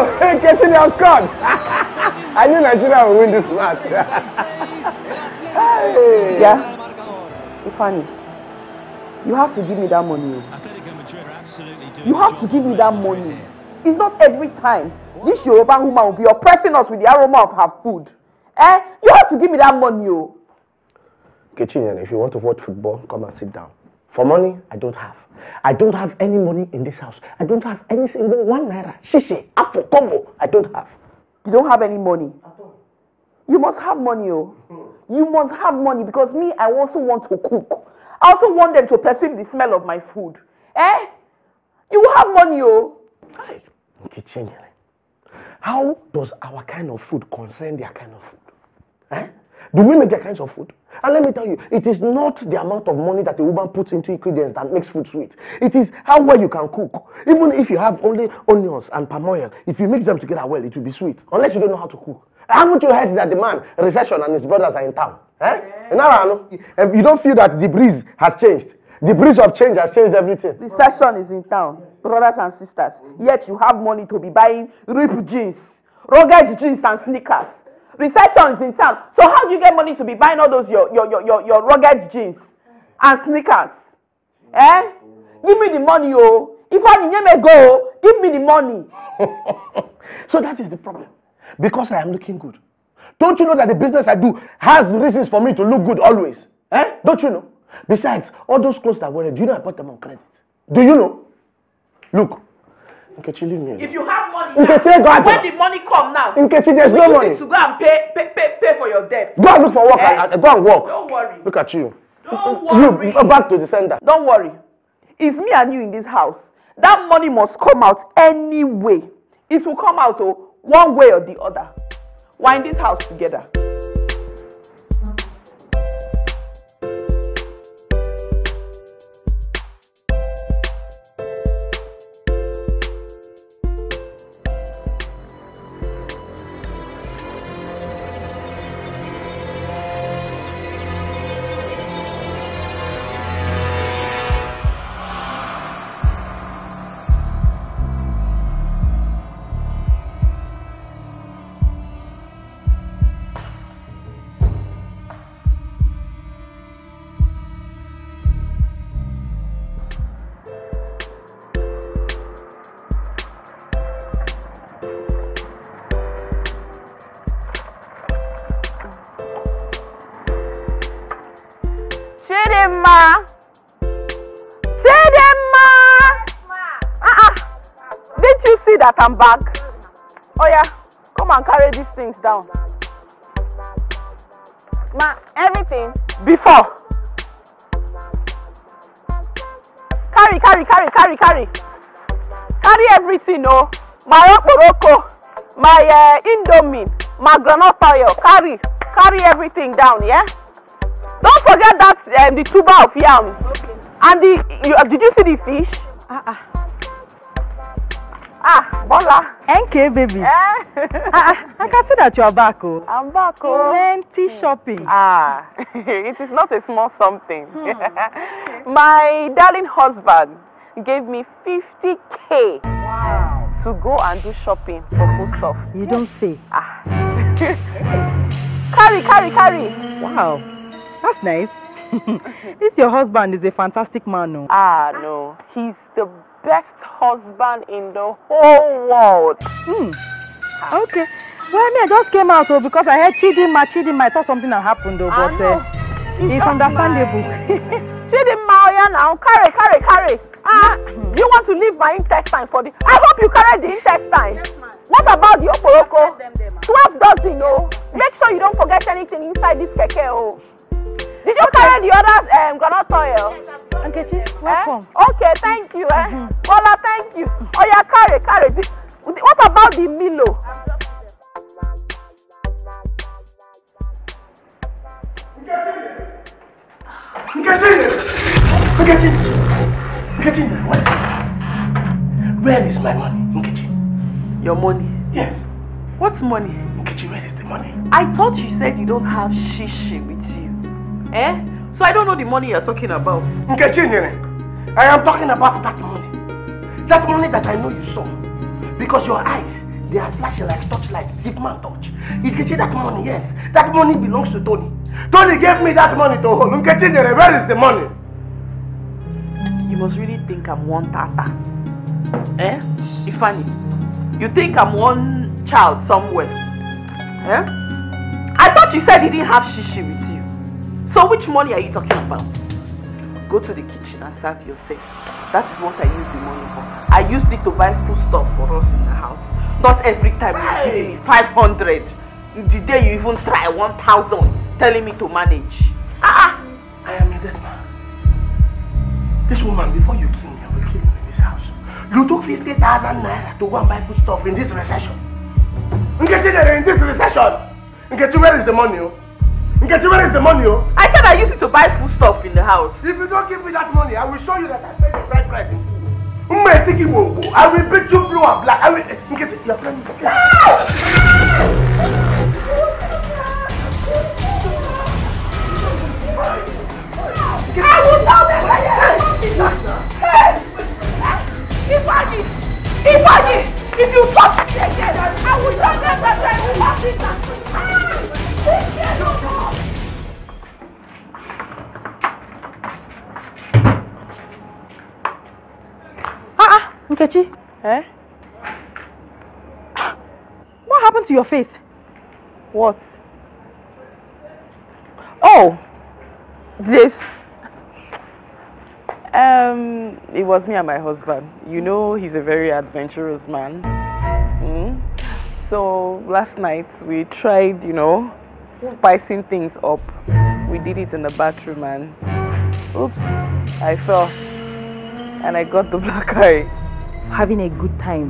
you has scored. I knew Nigeria would win this match. yeah. Ifani, you have to give me that money. You have to give me that money. It's not every time this Yoruba woman will be oppressing us with the aroma of her food. Eh? You have to give me that money, yo. Oh. Kitchen, if you want to watch football, come and sit down. For money, I don't have. I don't have any money in this house. I don't have any single one naira. Shishi, apple, combo. I don't have. You don't have any money? You must have money, oh. You must have money because me, I also want to cook. I also want them to perceive the smell of my food. Eh? You have money, oh. kitchen. How does our kind of food concern their kind of food? Eh? Do women get kinds of food? And let me tell you, it is not the amount of money that a woman puts into ingredients that makes food sweet. It is how well you can cook. Even if you have only onions and palm oil, if you mix them together well, it will be sweet. Unless you don't know how to cook. Haven't you heard that the man, recession, and his brothers are in town? Eh? Yeah. Eh, you don't feel that the breeze has changed. The breeze of change has changed everything. Recession is in town, brothers and sisters. Yet you have money to be buying ripped jeans, rugged jeans, and sneakers. is in town. So how do you get money to be buying all those your your your your, your rugged jeans and sneakers? Eh? Give me the money, oh. If I may go, give me the money. so that is the problem. Because I am looking good. Don't you know that the business I do has reasons for me to look good always? Eh? Don't you know? Besides, all those clothes that I wear, do you know I bought them on credit? Do you know? Look, okay, you leave me alone. If you have money now. Nkechi, go out. When the money come now. Nkechi, there's no money. to go and pay, pay, pay, pay for your debt. Go and look for work. Eh? I, I, go and work. Don't worry. Look at you. Don't worry. You, back to the sender. Don't worry. It's me and you in this house. That money must come out anyway. It will come out oh, one way or the other. We're in this house together. that I'm back. Oh yeah, come and carry these things down. Ma, everything? Before. Carry, carry, carry, carry, carry. Carry everything, oh. My okporoko, my uh, eh, indomie, my granola oil. Carry, carry everything down, yeah? Don't forget that uh, the tuber of yam. Okay. And the, you, uh, did you see the fish? Uh-uh. Ah, Bola. NK baby. Eh? I, ah, ah, I can see that you are back. Oh. I'm back. Oh. Plenty hmm. shopping. Ah, it is not a small something. Hmm. My darling husband gave me 50k wow. to go and do shopping for food stuff. You yes. don't see. Ah. carry, carry, carry. Wow, that's nice. this your husband is a fantastic man. Oh. Ah, no. He's the best husband in the whole world. Hmm. Okay. Well, I mean, I just came out though because I heard Chidinma, Chidinma. I thought something had happened though, but uh, it's, it's understandable. Chidinma, oya oh, now, carry, carry, carry. Ah, mm-hmm. you want to leave my intestine for the... I hope you carry the intestine. Yes, What about the poroko? Twelve dozen, oh. Make sure you don't forget anything inside this keke, oh. Did you okay. carry the other um, granite oil? Yes, Nkechi, eh? welcome. Eh? Okay, thank you. Eh? Mm-hmm. Bola, thank you. Oh yeah, carry, carry. The, what about the Milo? Nkechi! Nkechi! Nkechi, what? Where is my money, Nkechi? Your money? Yes. What money? Nkechi, where is the money? I thought you said you don't have shishi with you. Eh? So I don't know the money you're talking about. Nkechi I am talking about that money. That money that I know you saw. Because your eyes, they are flashing like torchlight, deep man torch. Nkechi, that money, yes. That money belongs to Tony. Tony gave me that money to hold. Nkechi Nyere, where is the money? You must really think I'm one tata. Eh? Ifani, you think I'm one child somewhere? Eh? I thought you said you didn't have shishi with you. So which money are you talking about? Go to the kitchen and serve yourself. That is what I use the money for. I used it to buy food stuff for us in the house. Not every time you give me 500. The day you even try 1,000 telling me to manage. Ah, ah. I am a dead man. This woman, before you kill me, I will kill you in this house. You took 50,000 naira to go and buy food stuff in this recession. Nkechi, in this recession. Nkechi, where is the money? Oh? Nkechi, where is the money, oh? I said I use it to buy food stuff in the house. If you don't give me that money, I will show you that I paid the right price in full. Mma Etiki Wombo, I will beat you blue and black. I will... Nkechi, you are planning to get... I will tell them I am! Hey! Ifeanyi! Ifeanyi! If you touch me again, I will tell them that I will not be back! Ah! Nkechi? Eh? What happened to your face? What? Oh! This. Um, it was me and my husband. You know he's a very adventurous man. Mm? So last night we tried, you know, spicing things up. We did it in the bathroom and oops, I fell and I got the black eye. having a good time.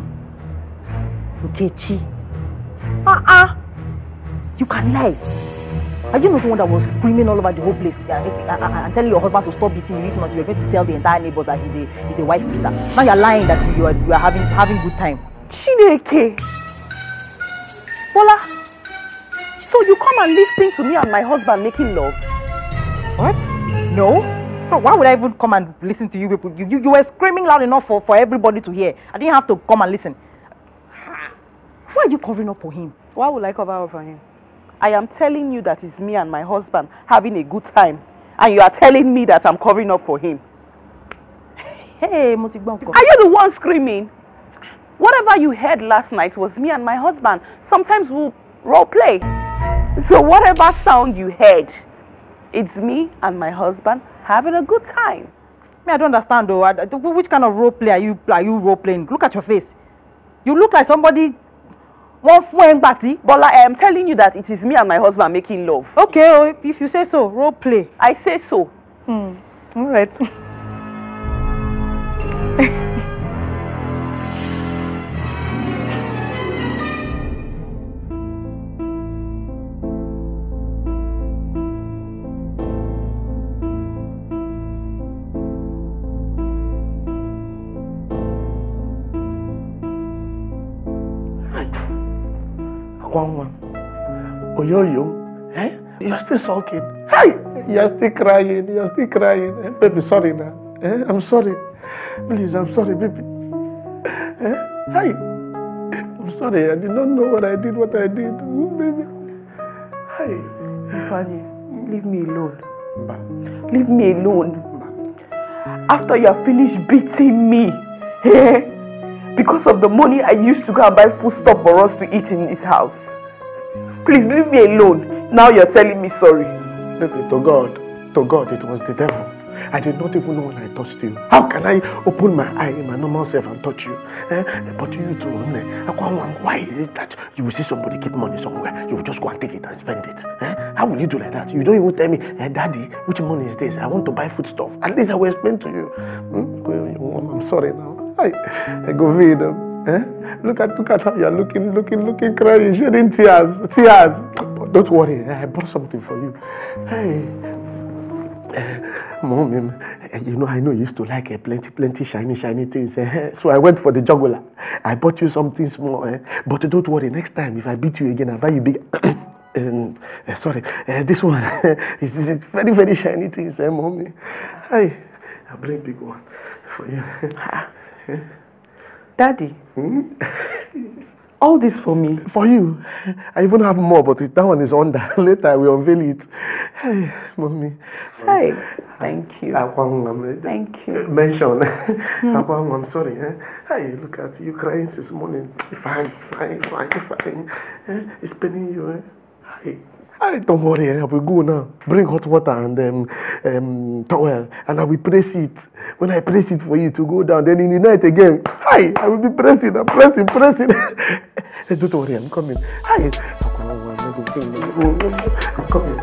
Nkechi. Uh-uh. You can lie. Are you not the one that was screaming all over the whole place and uh, uh, telling your husband to stop beating you? If not, you're going to tell the entire neighbors that he's a, he's a wife beater. Now you're lying that you are, you are having, having good time. Chineke. Voila. So you come and listen to me and my husband making love? What? No? why would I even come and listen to you people? You, you, you were screaming loud enough for, for everybody to hear. I didn't have to come and listen. Why are you covering up for him? Why would I cover up for him? I am telling you that it's me and my husband having a good time. And you are telling me that I'm covering up for him. Hey, Motigbonko. Are you the one screaming? Whatever you heard last night was me and my husband. Sometimes we'll role play. So whatever sound you heard, it's me and my husband having a good time. Me, I don't understand though. which kind of role play are you are you role playing? Look at your face. You look like somebody One friend party, ń Bola, I am telling you that it is me and my husband making love. Okay, if, oh, if you say so, role play. I say so. Hmm. All right. yo-yo, eh? You're still sulking. Hey! You're still crying. You're still crying. Eh? Baby, sorry now. Eh? I'm sorry. Please, I'm sorry, baby. Eh? Hey! I'm sorry. I did not know what I did, what I did. Ooh, baby. Hey! Fanny, leave me alone. Ma. Leave me alone. Ma. After you have finished beating me, eh? Because of the money I used to go and buy food stuff for us to eat in his house. Please leave me alone. Now you're telling me sorry. Listen, to God, to God, it was the devil. I did not even know when I touched you. How can I open my eye in my normal self and touch you? Eh? But you do. Why is it that you will see somebody keep money somewhere? You will just go and take it and spend it. Eh? How will you do like that? You don't even tell me, eh, Daddy, which money is this? I want to buy food stuff. At least I will explain to you. Hmm? I'm sorry now. I, I go feed them. Um, Eh? Look at look at how you're looking, looking, looking, crying, shedding tears, tears. don't worry, eh, I bought something for you. Hey, eh, mommy, mom, eh, you know I know you used to like uh, plenty, plenty shiny, shiny things. Uh, so I went for the jugular. I bought you something small, uh, but don't worry. Next time, if I beat you again, I buy you big. um, sorry, this one is very, very shiny things, mommy. Hey, I bring big one for you. Daddy. Hmm? All this for me. For you. I even have more, but that one is under. Later I will unveil it. Hey, mommy. Hey, thank you. Um, thank you. Mention. Mm. Um, I'm sorry. Eh? Hey, look at you crying this morning. Fine, fine, fine, fine. Eh? It's paining you. Eh? Hey. I don't worry, I will go now. Bring hot water and um, um, towel, and I will press it. When I press it for you to go down, then in the night again, hi, I will be pressing, I'm pressing, pressing. Eh, don't worry, I'm coming. Hi, I'm coming.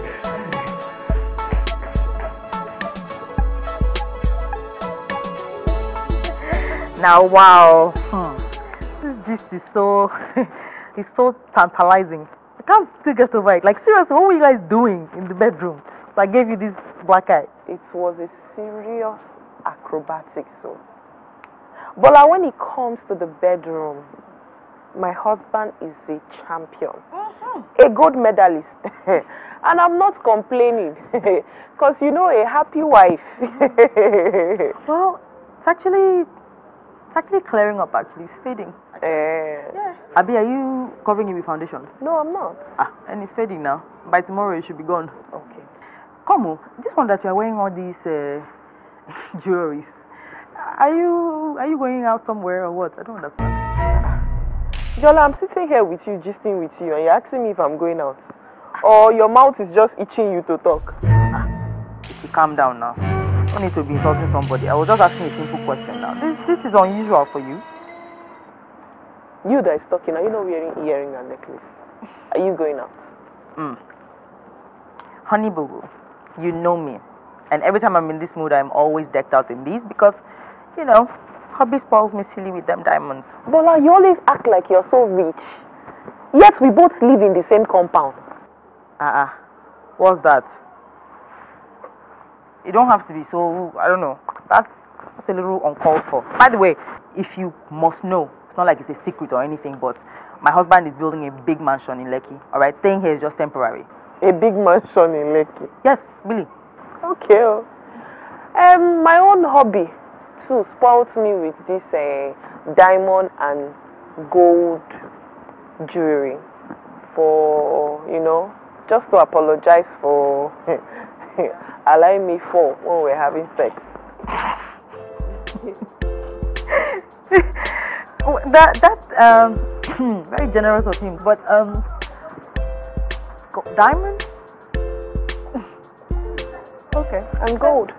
Now, wow, hmm. this is so, it's so tantalizing. can't still get over it. Like, seriously, what were you guys doing in the bedroom? So I gave you this black eye. It was a serious acrobatic, so. But like, when it comes to the bedroom, my husband is a champion, mm-hmm. a gold medalist. and I'm not complaining, because you know, a happy wife. well, it's actually actually clearing up, actually. It's fading. Uh, yeah. Abi, are you covering it with foundation? No, I'm not. Ah, and it's fading now. By tomorrow, it should be gone. Okay. Komu, this one that you are wearing all these uh, jewelries, are you are you going out somewhere or what? I don't understand. Jola, I'm sitting here with you, gisting with you, and you're asking me if I'm going out. Or your mouth is just itching you to talk. Ah, calm down now don't need to be insulting somebody. I was just asking a simple question now. This, this is unusual for you. You that is talking, are you not wearing earring and necklace? Are you going out? Mm. Honey boo boo, you know me. And every time I'm in this mood, I'm always decked out in these because, you know, hubby spoils me silly with them diamonds. Bola, you always act like you're so rich. Yet we both live in the same compound. Ah, uh-uh. what's that? You don't have to be so, I don't know. That's, that's a little uncalled for. By the way, if you must know, it's not like it's a secret or anything, but my husband is building a big mansion in Lekki. All right, staying here is just temporary. A big mansion in Lekki? Yes, really. Okay. Oh. Um, my own hobby too spoilt me with this uh, diamond and gold jewelry for, you know, just to apologize for allowing me for when we are having sex. that that's um, very generous of him, but um, diamond. okay, and gold.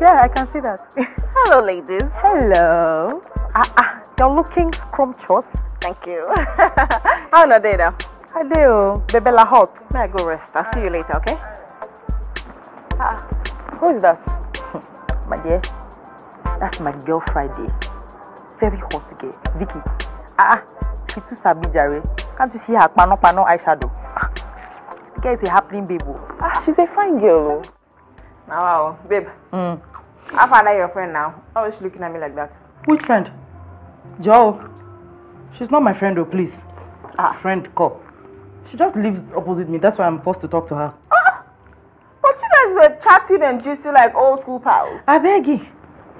yeah, I can see that. Hello, ladies. Hello. Ah, ah, you're looking scrumptious. Thank you. How are you now? Hello, Bebella Hot. May I go rest? I'll see you later, okay? Ah, who is that? my dear, that's my girl Friday. Very hot girl. Vicky. Ah, ah. she too sabi jare. Can't you see her pano pano eyeshadow? Ah, the girl is a happening baby. Oh. Ah, she's a fine girl. Oh. Now, wow, babe. Mm. How far your friend now? How is she looking at me like that? Which friend? Joe. She's not my friend, oh, please. Ah, friend, call. She just lives opposite me. That's why I'm forced to talk to her. Oh, guys were chatting and juicing like old school pals. Abegi,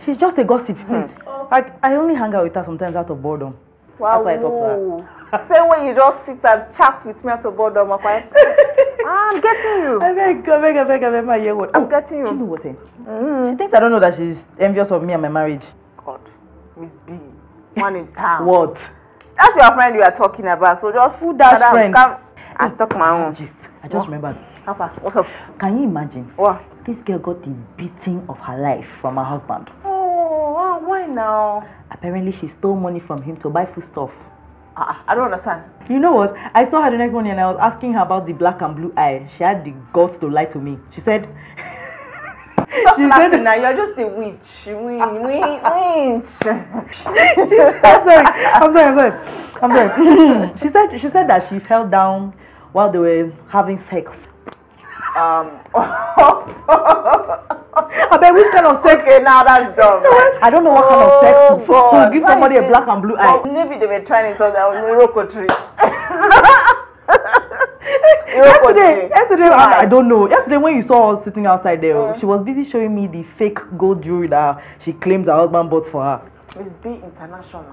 she's just a gossip, hmm. please. Mm. Like, I only hang out with her sometimes out of boredom. Wow. That's why I talk to her. Same way you just sit and chat with me out of boredom, okay? I'm getting you. I beg, I beg, I beg, I beg, my year what? I'm oh, getting you. Do you know what? Eh? Mm. She thinks I don't know that she's envious of me and my marriage. God, Miss B, one in town. what? That's your friend you are talking about, so just... Who that friend? Come, I talk my own. Gist. I just what? remembered. How up? Can you imagine? What? This girl got the beating of her life from her husband. Oh, ah, why now? Apparently, she stole money from him to buy foodstuff. Uh, I don't understand. You know what? I saw her the next morning and I was asking her about the black and blue eye. She had the guts to lie to me. She said, Stop she said, now. You're just a witch. Witch, witch. I'm sorry. I'm sorry. I'm sorry. I'm sorry. she said she said that she fell down while they were having sex um, I bet which kind of sex? Okay, now that's dumb. I don't know what kind of sex oh, to, to give somebody a black and blue eye. Maybe they were trying to tell their Iroko tree. yesterday, yesterday I, I don't know. Yesterday when you saw us sitting outside there, mm. she was busy showing me the fake gold jewelry that she claims her husband bought for her. It's B international.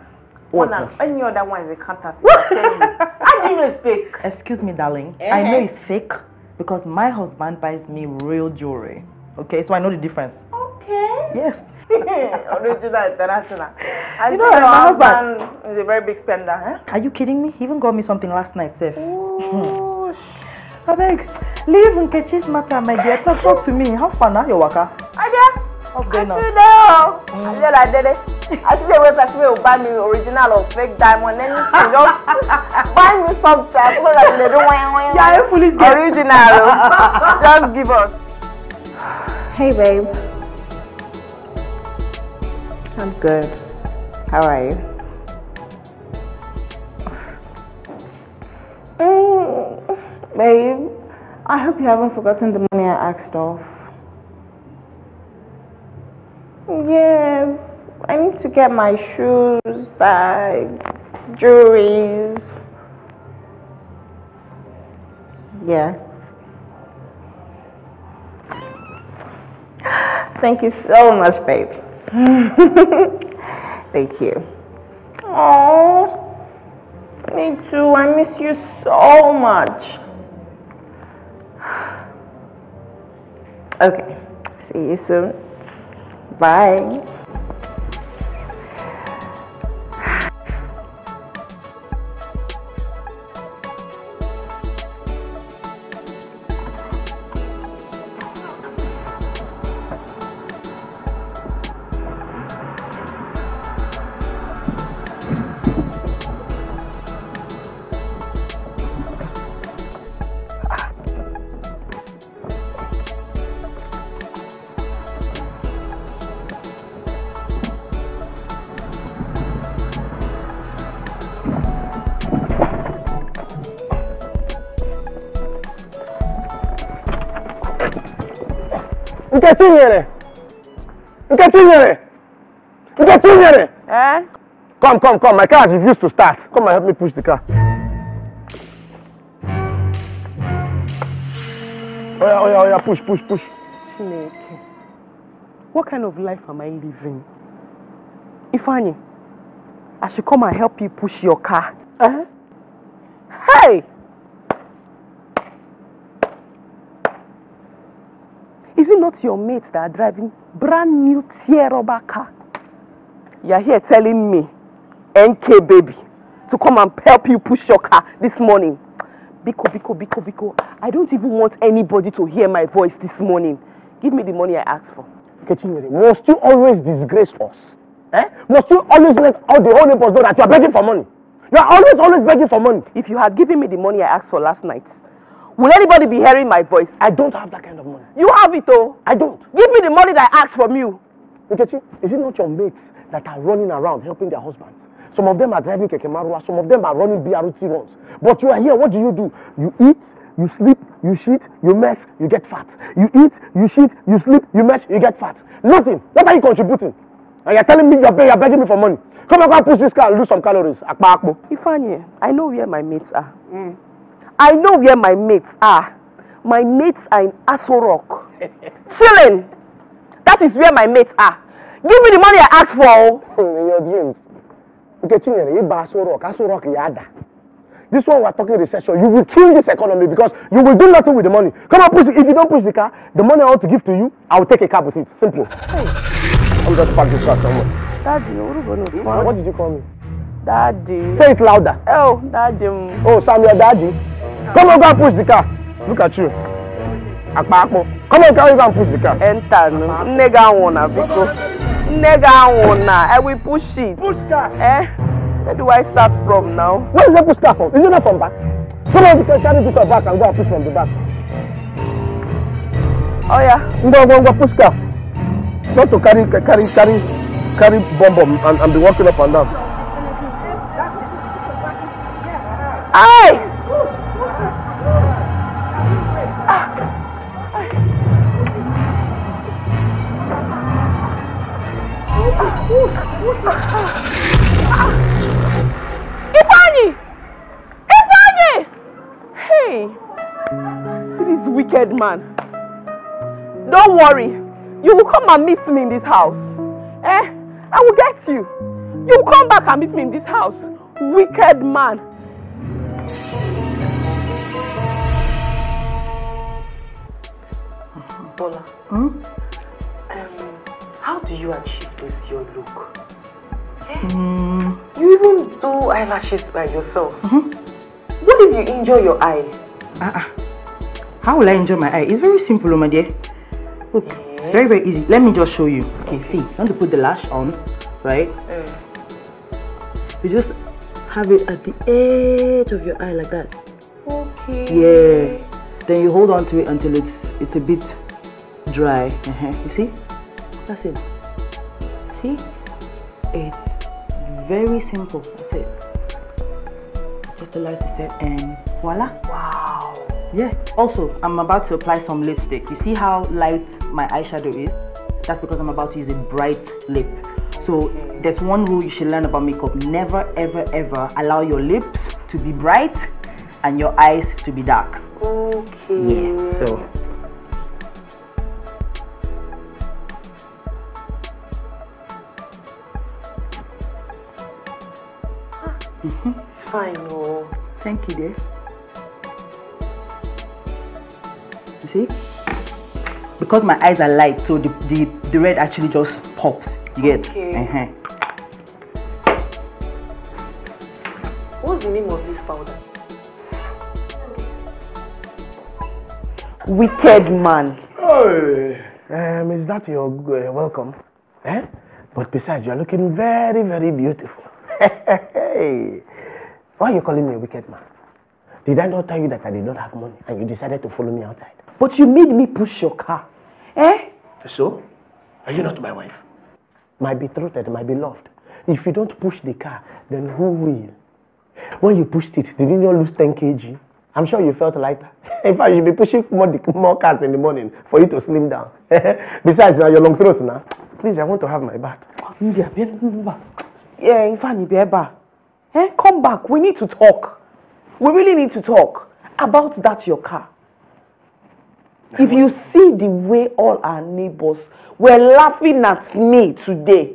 What? any other one is a counterfeit. I give you fake. Excuse me, darling. Uh -huh. I uh-huh. know it's fake because my husband buys me real jewelry. Okay, so I know the difference. Okay. Yes. Original international. I you know, my husband is a very big spender, huh? Are you kidding me? He even got me something last night, Seth. I beg, leave Nkechi's matter, my dear. Talk, talk to me. How fun, now, your worker? I ọgbẹ I àtúndé oh. mm. I àbíọ́lá dédé àtúndé wey person I o buy me original or fake diamond anything just buy me something like feel like dey do Yeah, yàrá fully get original oh. just give us. hey babe i'm good how are you. Mm, babe, I hope you haven't forgotten the money I asked off. Yeah, I need to get my shoes, bag, jewelries. Yeah. Thank you so much, babe. Thank you. Oh, me too. I miss you so much. Okay, see you soon. Bye. tinyere nke tinyere nke tinyere eh come come come my car has refused to start come and help me push the car Oh oh yeah, yeah, oh yeah. push push push what kind of life am i living ifeanyi i should come and help you push your car uh -huh. not your mates that are driving brand new tear rubber car. You are here telling me, NK baby, to come and help you push your car this morning. Biko, Biko, Biko, Biko, I don't even want anybody to hear my voice this morning. Give me the money I asked for. Kechinyere, must you always disgrace us? Eh? Must you always let all the whole neighbors know that you are begging for money? You are always, always begging for money. If you had given me the money I asked for last night, Will anybody be hearing my voice? I don't have that kind of money. You have it, oh. I don't. Give me the money that I asked from you. Nkechi, is it not your mates that are running around helping their husbands? Some of them are driving keke marua, some of them are running BRT runs. But you are here, what do you do? You eat, you sleep, you shit, you mess, you get fat. You eat, you shit, you sleep, you mess, you get fat. Nothing. What are you contributing? And you're telling me you're, you're begging me for money. Come on, go and push this car and lose some calories. Akpa akpo. Ifanye, I know where my mates are. Mm. I know where my mates are. My mates are in Aso Rock. Chilling. That is where my mates are. Give me the money I asked for. Oh. in your dreams. Nkechinyere, ịba Aso Rock, Aso Rock ya This one we are talking recession. You will kill this economy because you will do nothing with the money. Come on, push it. If you don't push the car, the money I want to give to you, I will take a cab with it. Simple. Hey. I'm just parking this car somewhere. Daddy, what did you call me? Daddy. Say it louder. Oh, Daddy. Oh, Samuel, daddy. Come over and push the car. Look at you. Akpapo. Come on, carry go and push the car. Enter, no. Nega wanna, because. Nega wanna. I eh, will push it. Push car. Eh? Where do I start from now? Where is the push car from? Is it not from back? Come Someone can carry this back and go and push from the back. Oh yeah. Go go go push car. Not to carry, carry, carry, carry bomb bomb and, and be walking up and down. eyes. Ifani! Ifani! Hey! See this wicked man. Don't worry. You will come and meet me in this house. Eh? I will get you. You will come back and meet me in this house. Wicked man. Bola, hmm? um, how do you achieve this, your look? Mm. You even do eyelashes by yourself. Mm -hmm. What if you injure your eye? Uh -uh. How will I injure my eye? It's very simple, my dear. Look, it's very, very easy. Let me just show you. Okay, okay. see. You want to put the lash on, right? Mm. You just have it at the edge of your eye like that. Okay. Yeah. Then you hold on to it until it's it's a bit dry. Uh -huh. You see? That's it. See? It's very simple. That's it. Just the light is set and voila. Wow. Yeah. Also, I'm about to apply some lipstick. You see how light my eyeshadow is? That's because I'm about to use a bright lip. So there's one rule you should learn about makeup. Never, ever, ever allow your lips to be bright and your eyes to be dark. Okay. Yeah, so. Ah, mm-hmm. It's fine, oh. Thank you, dear. You see? Because my eyes are light, so the, the, the red actually just pops. Yes. Okay. Uh -huh. What's the name of this powder? Wicked man. Hey. Um, is that your uh, welcome? Eh? But besides, you are looking very, very beautiful. hey. Why are you calling me a wicked man? Did I not tell you that I did not have money and you decided to follow me outside? But you made me push your car. Eh? So? Are you not my wife? my betrothed, my beloved. If you don't push the car, then who will? When you pushed it, did you not lose ten kg? I'm sure you felt lighter. in fact, you be pushing more, more cars in the morning for you to slim down. Besides, now your long throat now. Please, I want to have my bath. Yeah, in fact, Ibeba. Eh, come back. We need to talk. We really need to talk about that your car. If you see the way all our neighbors were laughing at me today,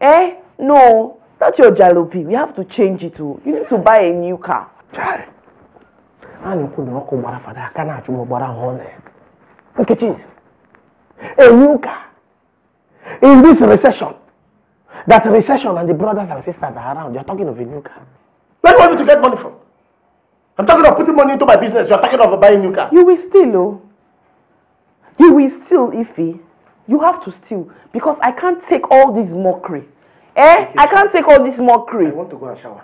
eh? No, that's your jalopy. We have to change it. Too. Oh. You need to buy a new car. Chai. A na-ekwu na ọkụ gbara fada aka na-achụ m gbara hụ na Nkechi, a new car in this recession that recession and the brothers and sisters are around you are talking of a new car. Where do you want me to get money from? I'm talking of putting money into my business. You are talking of buying a new car. You will still, oh. He will steal, Ify. You have to steal because I can't take all this mockery. Eh? Okay. I can't take all this mockery. I want to go and shower.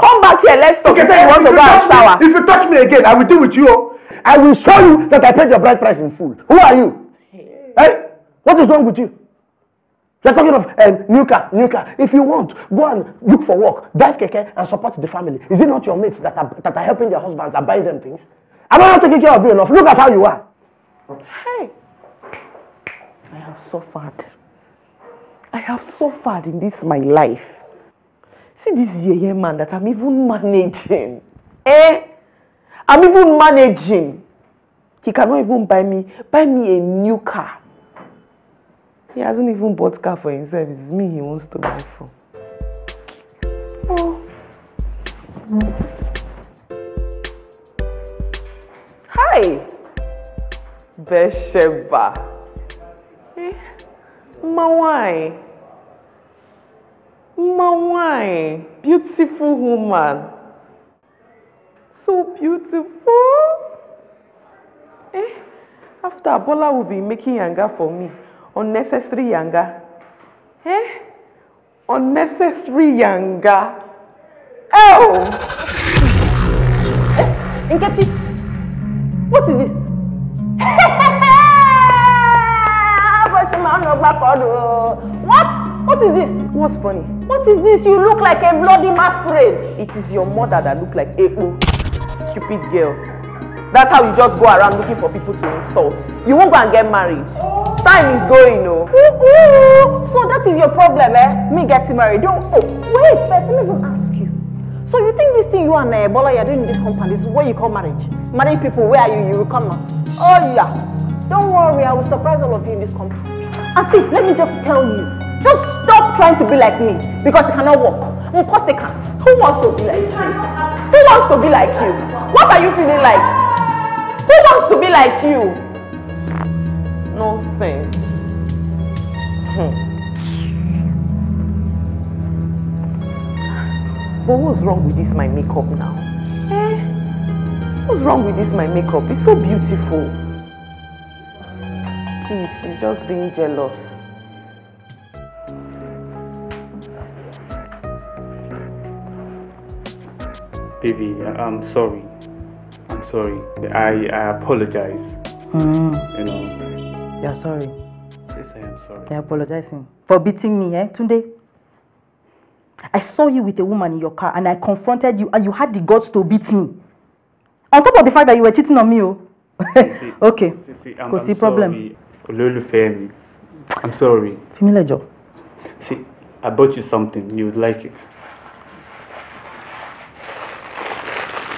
Come back here, let's talk. Okay, you say you want to go and shower. Me, if you touch me again, I will deal with you. oh! I will show you that I paid your bride price in full. Who are you? Hey. Eh? What is wrong with you? You're talking of um, new car, new car. If you want, go and look for work, drive keke, and support the family. Is it not your mates that are, that are helping their husbands and buying them things? Am I not taking care of you enough? Look at how you are. Hey! I have suffered. I have suffered in this my life. See this yeye man that I'm even managing. Eh? I'm even managing. He cannot even buy me buy me a new car. He hasn't even bought car for himself. It's me he wants to buy for. Oh. Mm. Hi. Besheba. Eh, my wine. My Beautiful woman. So beautiful. Eh, after Abola will be making yanga for me. Unnecessary yanga. Eh? Unnecessary yanga. Oh! Eh, Nkechi, what is this? Fakadu. What? What is this? What's funny? What is this? You look like a bloody masquerade. It is your mother that look like Ekpo. Oh, stupid girl. That's how you just go around looking for people to insult. You won't go and get married. Time is going, oh. So that is your problem, eh? Me getting married. Don't. Oh, wait, let me even ask you. So you think this thing you and uh, Bola are doing in this compound is what you call marriage? Marry people, where are you? You will come now. Oh yeah. Don't worry, I will surprise all of you in this compound. And least let me just tell you. Just stop trying to be like me because it cannot work. Of course they can. Who wants to be like you? Who wants to be like you? What are you feeling like? Who wants to be like you? No Hmm. But what's wrong with this my makeup now? Eh? What's wrong with this my makeup? It's so beautiful it. just being jealous. Baby, I'm sorry. I'm sorry. I, I apologize. Mm. You know. You're sorry. Yes, I am sorry. You're apologizing. For beating me, eh, Tunde? I saw you with a woman in your car and I confronted you and you had the guts to beat me. On top of the fact that you were cheating on me, oh. okay. See, see, I'm, I'm problem. Sorry. Lulu mi i'm sorry. Similar job. see i bought you something you would like it.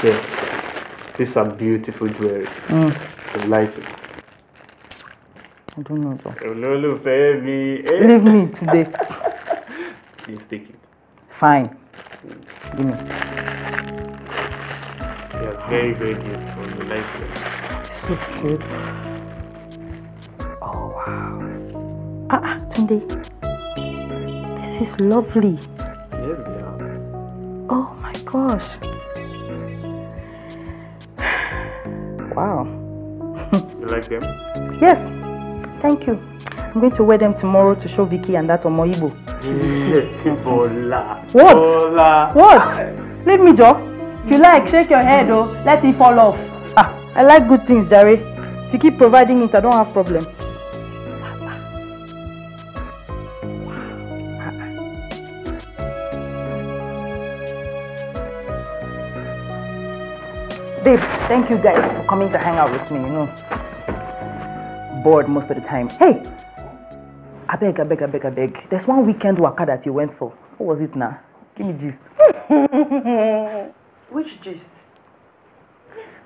yeah these are beautiful jewelry. Mm. you like it. I don't know. Olólùfẹ́ mi. Eh? Leave me today. Please take it. Fine. Give me. They are very, very beautiful. You like it. So cute. Ah, ah, Tunde, this is lovely. Yeah. Oh my gosh. Wow. you like them? Yes. Thank you. I'm going to wear them tomorrow to show Vicky and that Omoibo. Bola. What? Bola. What? Leave me, Joe. If you like, shake your head, oh. Let it fall off. Ah, I like good things, Jerry. If you keep providing it, I don't have problems. Babe, thank you guys for coming to hang out with me, you know. Bored most of the time. Hey! I beg, I beg, I beg, I beg. There's one weekend waka that you went for. What was it now? Give me gist. Which gist?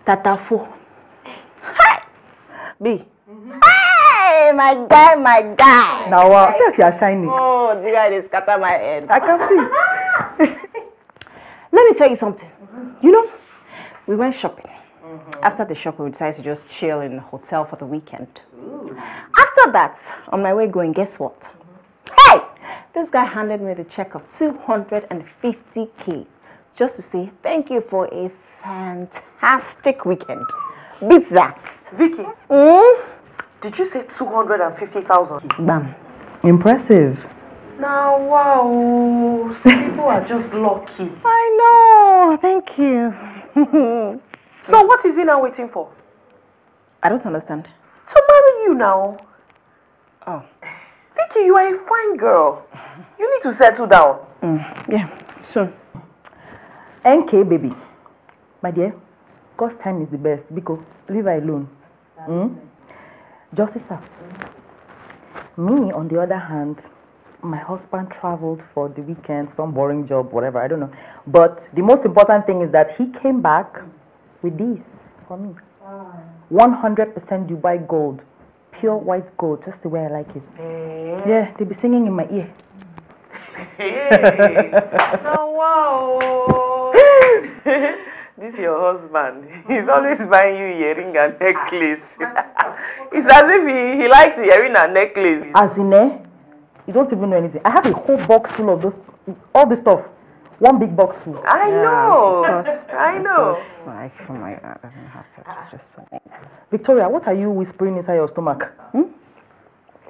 Tatafo. Hi! B. Mm-hmm. Hey, my guy, my guy! Now, uh, yes, you are shining. Oh, the guy is scatter my head. I can see. Let me tell you something. You know, we went shopping. Mm -hmm. After the shopping, we decided to just chill in the hotel for the weekend. Ooh. After that, on my way going, guess what? Mm -hmm. Hey! This guy handed me the check of 250k just to say thank you for a fantastic weekend. Beat that. Vicky, mm? did you say 250,000? Bam. Impressive. Now, wow. Some people are just lucky. I know. Thank you. so what is he now waiting for? I don't understand. To marry you now. Oh. Vicky, you are a fine girl. You need to settle down. Mm, yeah, soon. NK, baby. My dear, God's time is the best because leave her alone. Mm? Justice, mm. me, on the other hand, my husband traveled for the weekend, some boring job, whatever, I don't know. But the most important thing is that he came back with this for me. 100% Dubai gold, pure white gold, just the way I like it. Hey. Yeah, they be singing in my ear. Hey. no, wow. this your husband. He's always buying you earring and necklace. it's as if he, he likes earring and necklace. As in, eh? You don't even know anything. I have a whole box full of those, all this stuff. One big box full. I yeah, know. Because, I know. Like, oh my God, I don't have Ah. Just Victoria, what are you whispering inside your stomach? Hmm?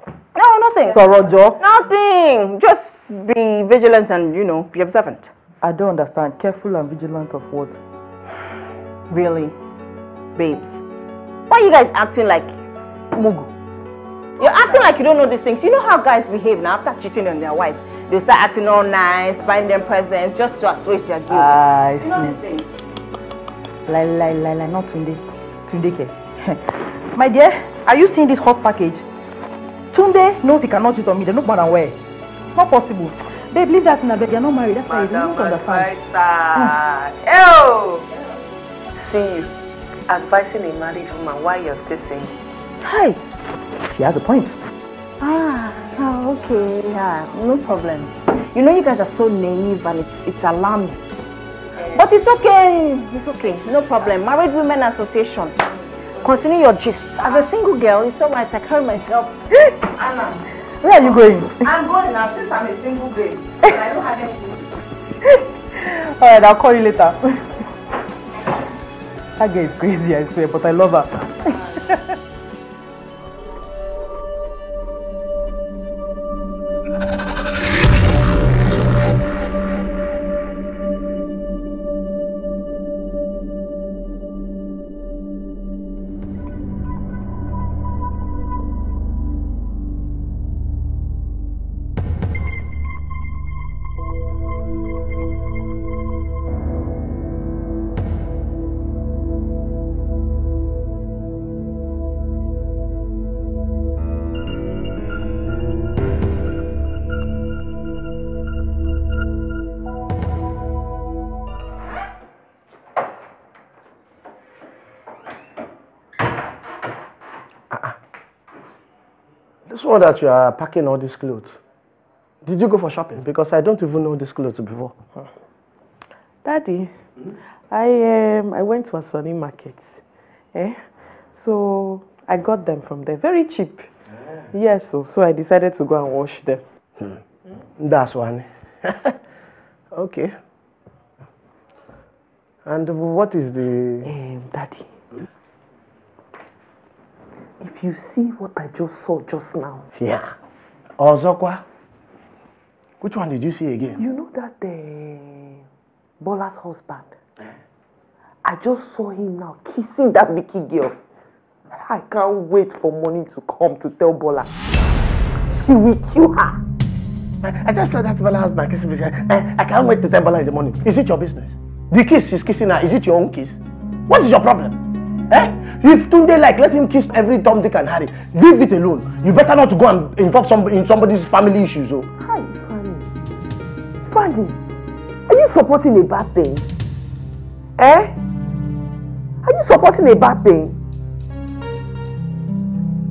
No, nothing. Roger. Nothing. Just be vigilant and, you know, be observant. I don't understand. Careful and vigilant of what? Really? Babes. Why are you guys acting like Mugu? You're acting like you don't know these things. You know how guys behave now after cheating on their wives. They start acting all nice, buying them presents just to assuage their guilt. Ah, uh, it's nonsense. Lie, lie, lie, lie, not Tunde. Tunde care. My dear, are you seeing this hot package? Tunde knows he cannot cheat on me. They not bad and where? Not possible. Babe, leave that in a bed. You're not married. That's why you don't understand. Mm. See advising a married woman while you're still single. Hi. She has a point. Ah, ah, okay. Yeah, no problem. You know, you guys are so naive and it's, it's alarming. But it's okay. It's okay. No problem. Married Women Association. Continue your gist. As a single girl, it's all right. I carry myself. Anna. Where are you going? I'm going now since I'm a single girl. I don't have anything. all right, I'll call you later. that girl is crazy, I swear, but I love her. saw that you are packing all these clothes. Did you go for shopping? Because I don't even know these clothes before. Daddy, hmm? I um, I went to a Aswani market. Eh? So I got them from there, very cheap. Yeah. Yes, so, oh, so I decided to go and wash them. Hmm. That's one. okay. And what is the... Um, daddy, if you see what I just saw just now. Yeah. Ozokwa. Which one did you see again? You know that the uh, Bola's husband. Eh. I just saw him now kissing that Vicky girl. I can't wait for morning to come to tell Bola. She will kill her. I, just saw that Bola husband kissing Vicky. I, eh, I can't wait to tell Bola in the morning. Is it your business? The kiss is kissing her, is it your own kiss? What is your problem? Eh? If Tunde like, let him kiss every Tom, Dick and Harry. Leave it alone. You better not go and involve some, in somebody's family issues. Oh. Fanny. Fanny, are you supporting a bad thing? Eh? Are you supporting a bad thing?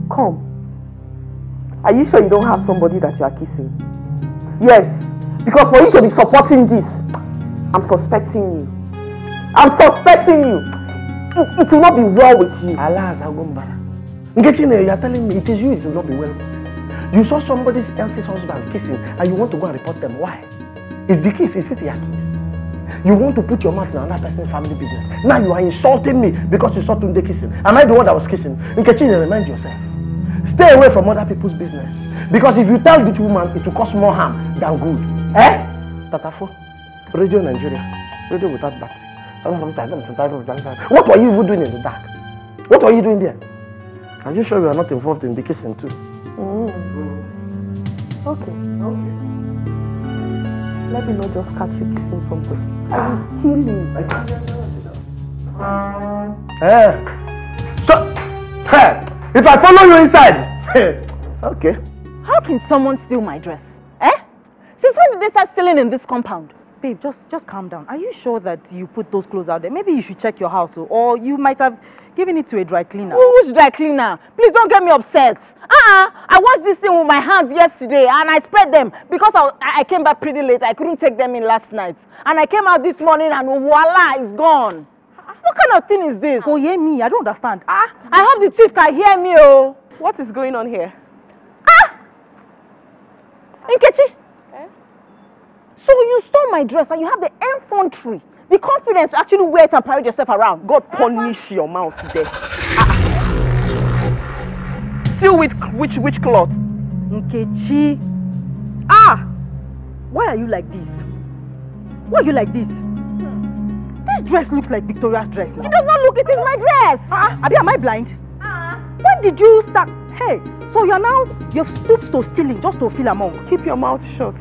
Come. Are you sure you don't have somebody that you are kissing? Yes, because for you to be supporting this, I'm suspecting you. I'm suspecting you. It, will not be well with you. Allah Azagumbara. Ngechi, you are telling me it is you, it will not be well. You saw somebody else's husband kissing and you want to go and report them. Why? Is the kiss, is it kiss? You want to put your mouth in another person's family business. Now you are insulting me because you saw Tunde kissing. Am I the one that was kissing? Nkechi, remind yourself. Stay away from other people's business. Because if you tell this woman, it will cause more harm than good. Eh? Tatafo, Radio Nigeria, Radio without back. What were you even doing in the dark? What were you doing there? Are you sure you are not involved in the kitchen too? Mm. Okay. Okay. Let me not just catch you kissing something. I will kill you. I Eh? So, hey, eh, if I follow you inside. okay. How can someone steal my dress? Eh? Since when did they start stealing in this compound? babe, just just calm down. Are you sure that you put those clothes out there? Maybe you should check your house, oh, or you might have given it to a dry cleaner. Who, which dry cleaner? Please don't get me upset. Uh-uh. I washed this thing with my hands yesterday, and I spread them because I, I came back pretty late. I couldn't take them in last night, and I came out this morning, and voila, it's gone. What kind of thing is this? Oh, hear me. I don't understand. Ah, I hope the chief can hear me, oh. What is going on here? Ah! Nkechi! So you stole my dress and you have the infantry, the confidence to actually wear it and parade yourself around. God punish your mouth today. Ah, ah. Still with which which cloth? Nkechi. Ah! Why are you like this? Why are you like this? This dress looks like Victoria's dress now. It does not look, it is my dress. Ah, ah. Abi, am I blind? Ah. When did you start? Hey, so you're now, you've stooped to stealing just to feel among. Keep your mouth shut.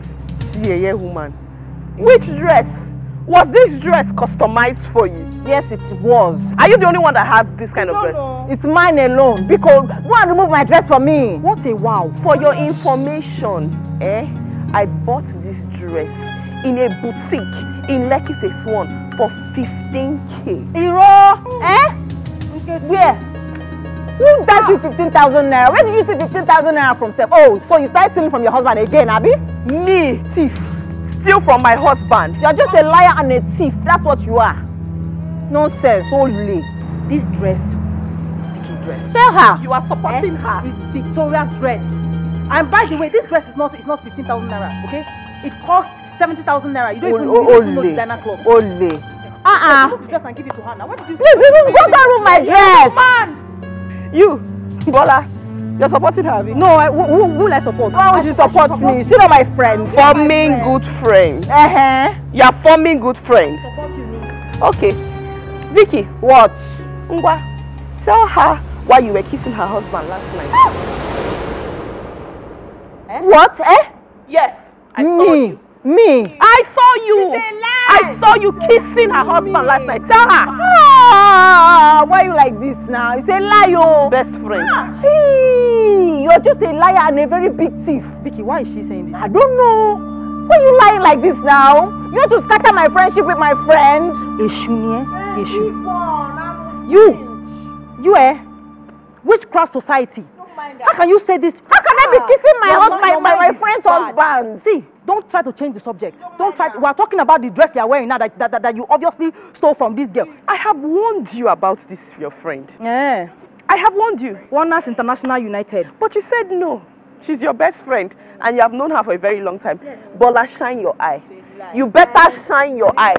see yeye woman. Mm. Which dress? Was this dress customized for you? Yes, it was. Are you the only one that has this kind no, of dress? No. It's mine alone because go and remove my dress for me. What a wow. For your information, eh, I bought this dress in a boutique in Lekki Swan for 15k. Irọ́! Eh? Where? Who dash you 15,000 naira? Where did you see 15,000 naira from, Sef? Oh, so you started stealing from your husband again, Abby? Me, thief. Steal from my husband. You're just a liar and a thief. That's what you are. Nonsense, holy. This dress, Vicky dress. Tell her. You are supporting eh? her. It's Victoria's dress. And by the way, this dress is not, it's not 15,000 naira, okay? It costs 70,000 naira. You don't even, o even know designer clothes. Only. Uh-uh. Just and give it to her now. What did you Please, even go down with my dress. Man! You, Bola, you're supporting her. No, I, who, who, will I support? Why would you support, support me? She's not my friend. Forming my friend. good friends. Uh-huh. You're forming good friends. Okay. Vicky, what? Ngwa, tell her why you were kissing her husband last night. eh? What? Eh? Yes, I me. saw you. Me? I saw you. I saw you kissing her husband last night. Tell her. Ah, why you like this now? It's a lie, oh. Best friend. Ah. Hey, you're just a liar and a very big thief. Vicky, why is she saying this? I don't know. Why are you lying like this now? You want to scatter my friendship with my friend? Ishunye, ni eh, You, you eh? Which cross society? How can you say this? How can ah, I be ah. kissing my husband, my, my, my friend's husband? See, don't try to change the subject. Don't, don't try. we are talking about the dress you are wearing now that, that, that, that you obviously stole from this girl. I have warned you about this, your friend. Yeah. I have warned you. Warners International United. But you said no. She's your best friend and you have known her for a very long time. Yes. Bola, shine your eye. You better shine your eye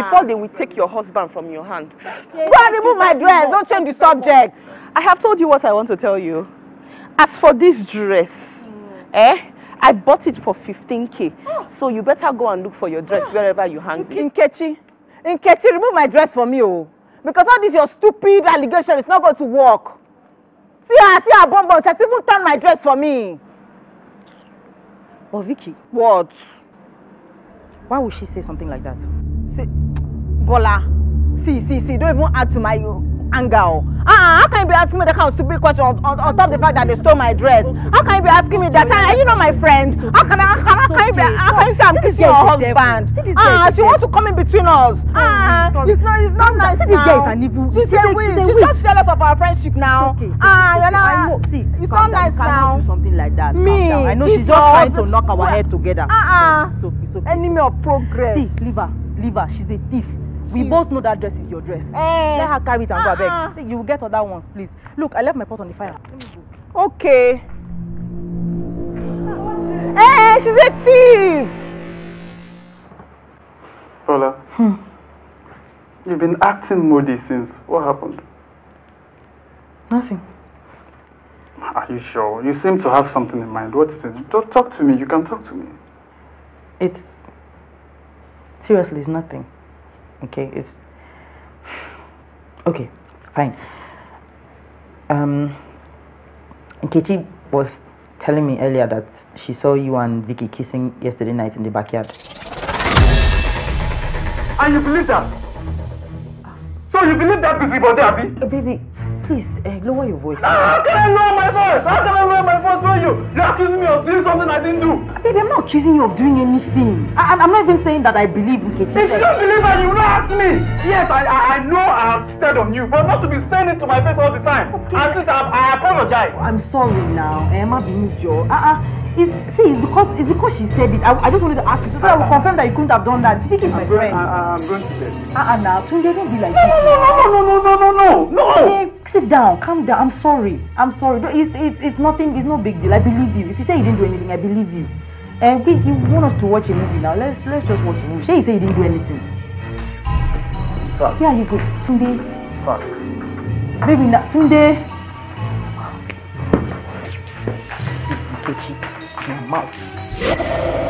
before they will take your husband from your hand. Go and remove my dress. Don't change the subject. I have told you what I want to tell you as for this dress, mm. eh? I bought it for fifteen k Oh. So you better go and look for your dress oh. wherever you hang okay. it. Nkechi, Nkechi, remove my dress for me, oh. Because all this your stupid allegation is not going to work. See her, see her bum bum. She has even turned my dress for me. But oh, Vicky. What? Why would she say something like that? See, Bola, see, see, see, don't even add to my... Uh, anger o ah how can you be asking me that kind of stupid question on, on, on top of the fact that they stole my dress how can you be asking me that are you not my friend how can I how, how can you be how can you say I'm kissing your husband ah she wants to come in between us ah it's not it's not nice now She's dey win she just jealous of our friendship now ah uh, you know it's not nice now do something like that. me I know she's just trying to knock our head together ah ah enemy of progress see leave her leave her she's a thief we hmm. both know that dress is your dress eh. let her carry it and go abeg ah, ah. you get other ones please look i left my pot on the fire okay eh, eh, eh she's a thief. Paula hmm. you've been acting moody since what happened. nothing. Are you sure? You seem to have something in mind. What is it? Don't talk to me. You can talk to me. It's. Seriously, it's nothing. okay it's okay fine um Kechi was telling me earlier that she saw you and Vicky kissing yesterday night in the backyard. And you believe that? So you believe that busybody, Abby? Uh, baby, Please, uh, lower your voice. Ah, how can I lower my voice? How can I lower my voice for you? You're accusing me of doing something I didn't do. Baby, I'm not accusing you of doing anything. I, I'm not even saying that I believe in Katie. If you don't believe her, you will not ask me. Yes, I, I, I know I have said on you, but not to be saying it to my face all the time. Okay. At least I, I apologize. I'm sorry now. Emma, be your. Uh-uh. It's, see, it's because it's because she said it. I, I just wanted to ask you so I will confirm that you couldn't have done that. Speaking is my going, friend. I, I'm going to bed. Uh-uh, now, Tunde, don't be like no, this. No, no, no, no, no, no, no, no, no, no. Sit down, calm down. I'm sorry. I'm sorry. It's, it's, it's nothing, it's no big deal. I believe you. If you say you didn't do anything, I believe you. And eh, we, you want us to watch a movie now. Let's, let's just watch a movie. Say you say you didn't do anything. Fuck. Yeah, you go. Tunde. Fuck. Baby, na Tunde. your mouth.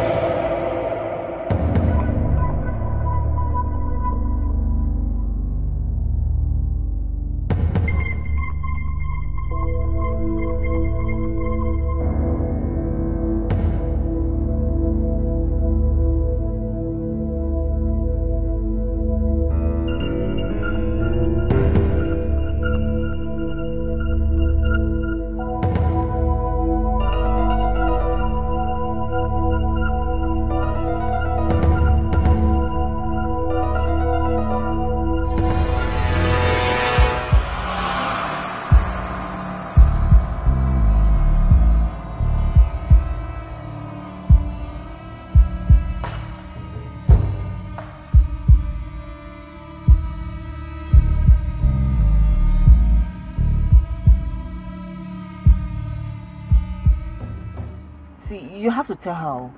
answer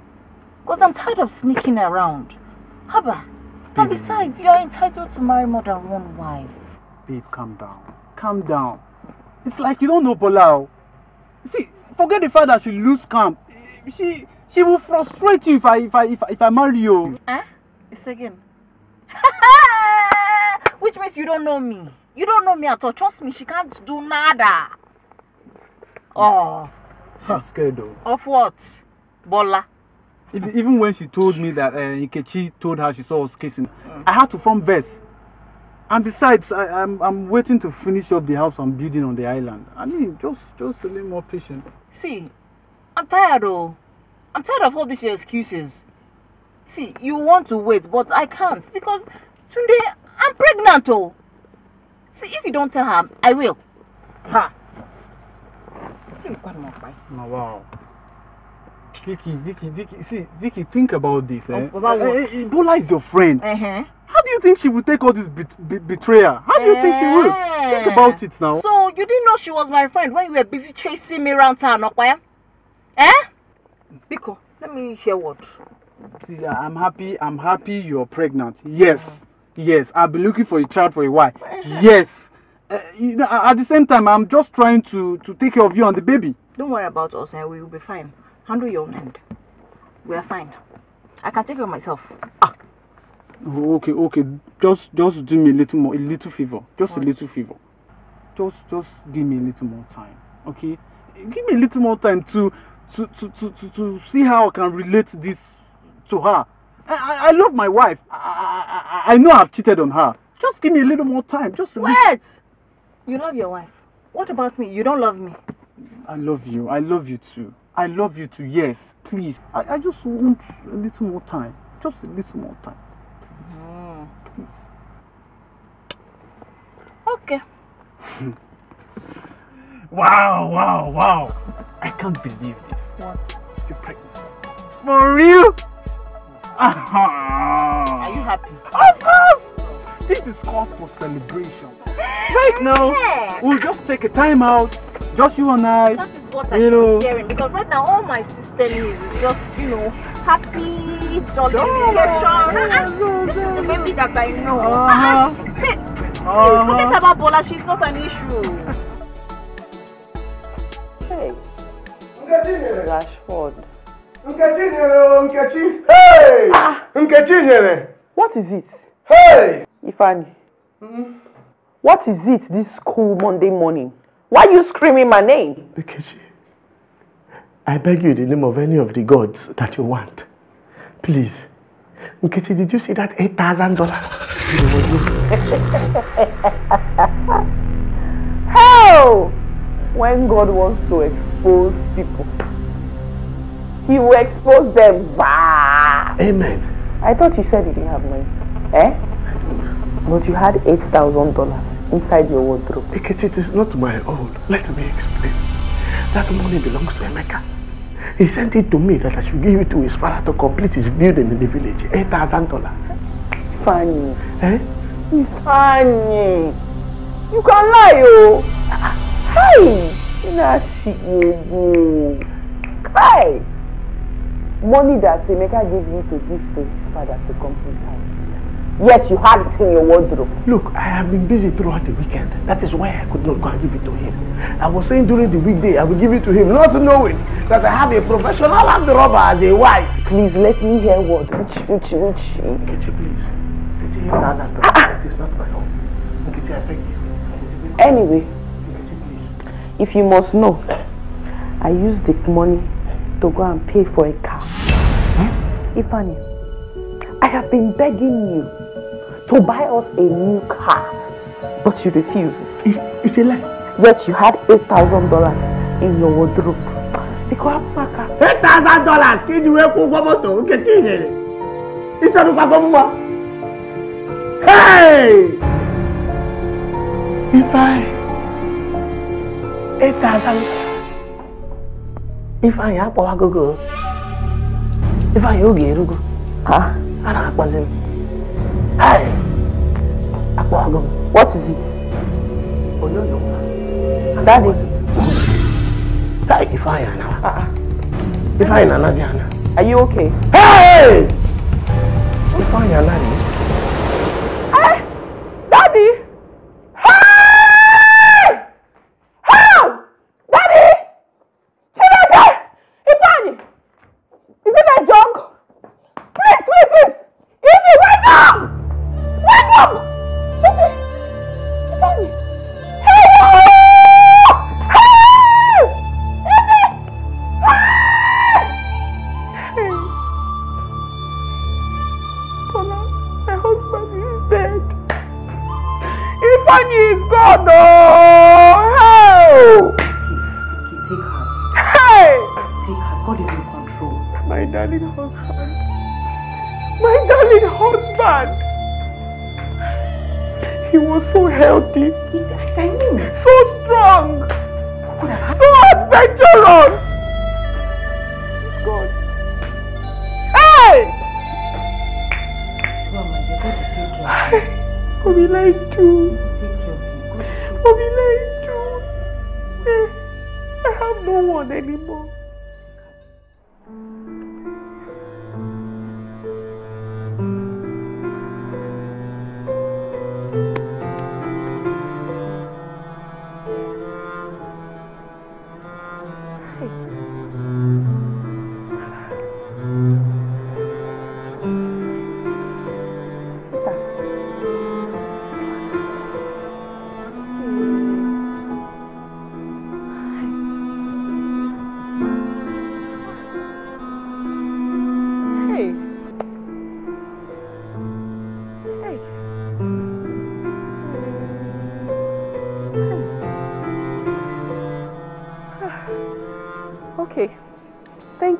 Because I'm tired of sneaking around. Haba. And besides, you are entitled to marry more than one wife. Babe, calm down. Calm down. It's like you don't know Bola. Oh. See, forget the fact that she lose camp. She she will frustrate you if I if I if I, if I marry you. Eh? It's again. Which means you don't know me. You don't know me at all. Trust me, she can't do nada. Oh. I'm scared though. Of what? Bola. Even when she told me that uh, Ikechi told her she saw us kissing, mm. I had to form verse. And besides, I, am I'm, I'm waiting to finish up the house I'm building on the island. I mean, just just a little more patience. See, I'm tired, oh. I'm tired of all these excuses. See, you want to wait, but I can't because today I'm pregnant, oh. See, if you don't tell her, I will. Ha! wow. Vicky, Vicky, Vicky, see, Vicky, think about this. Eh? About eh, what? Eh, eh, Bola is your friend. Uh-huh. How do you think she will take all this bet- be- betrayal? How do you think she will? Think about it now. So you didn't know she was my friend when you were busy chasing me around town, okay? Eh? Biko, let me hear what. See, I'm happy. I'm happy you're pregnant. Yes, uh-huh. yes. I've been looking for a child for a while. Uh-huh. Yes. Uh, you know, at the same time, I'm just trying to to take care of you and the baby. Don't worry about us, and we will be fine. Handle your own end. We are fine. I can take care of myself. Ah. okay, okay. Just, just do me a little more, a little fever. Just what? a little fever. Just, just give me a little more time. Okay. Give me a little more time to, to, to, to, to, to see how I can relate this to her. I, I love my wife. I, I, I know I've cheated on her. Just give me a little more time. Just wait. You love your wife. What about me? You don't love me. I love you. I love you too. I love you too. Yes, please. I, I just want a little more time. Just a little more time. Please. Mm. Please. Okay. wow, wow, wow. I can't believe this. What? You're pregnant. For real? Are you happy? Of course! This is cause for celebration. Right now, yeah. we'll just take a time out. Just you and I. what I you know, hearing because right now all my system is just you know happy jolly no, relation. No, no, this is the oh. baby that I know. Ah, ah, uh-huh. uh-huh. forget about Bola. She's not an issue. Hey, Rashford. Nkechi nyere oh, Nkechi. Hey! Ah. Nkechi nyere. What is it? Hey! Ifani. Mm-hmm. What is it this cool Monday morning? Why are you screaming my name? Nkechi, I beg you in the name of any of the gods that you want. Please. Nkechi, did you see that $8,000? How? When God wants to expose people, He will expose them. Bah! Amen. I thought you said you didn't have money. Eh? But you had $8,000. inside your wardrobe. Ikete, it is not my own. Let me explain. That money belongs to Emeka. He sent it to me that I should give it to his father to complete his building in the village. Eight thousand dollars. Funny. Eh? Funny. You can lie, oh. Hi. Cry. Money that Emeka gave me to give to his father to complete house. Yet you had it in your wardrobe. Look, I have been busy throughout the weekend. That is why I could not go and give it to him. I was saying during the weekday I would give it to him, not knowing that I have a professional the robber as a wife. Please let me hear what. Uchi, uchi, uchi. Nkechi, please. Nkechi, hear that. That ah, ah. is not my home. Nkechi, I beg you. Anyway, Nkechi, if you must know, I used the money to go and pay for a car. Huh? Hmm? Ifani, I have been begging you to buy us a new car, but you refuse. It, it's a lie. Yet you had eight thousand dollars in your wardrobe. Eight thousand dollars. Kí ni wẹ́ẹ́ kún fọ́mọ́ tó ń kékeré yẹn rẹ̀? Iṣẹ́ ló pa Hey. If I eight thousand. If I Ifá go go. If I Ifá yẹn go. Huh? I don't have money. Hey! What is it? Oh, no, no. Daddy. That is fire now. Uh-uh. Ifeanyi Nana Diana. Are you okay? Hey! Ifeanyi Nana Diana.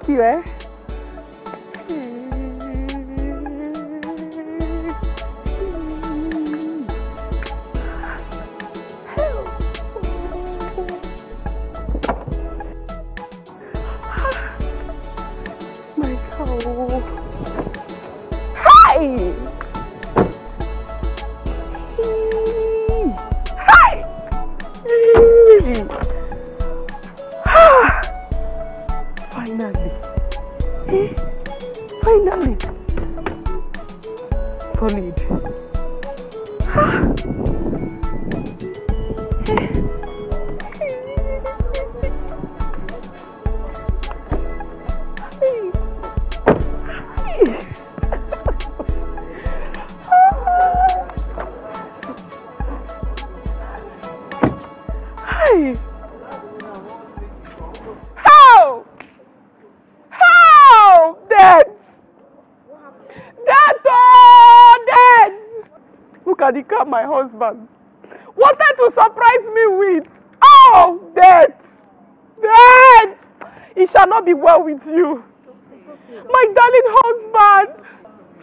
you were? my husband wanted to surprise me with. Oh, death! Death! It shall not be well with you. My darling husband!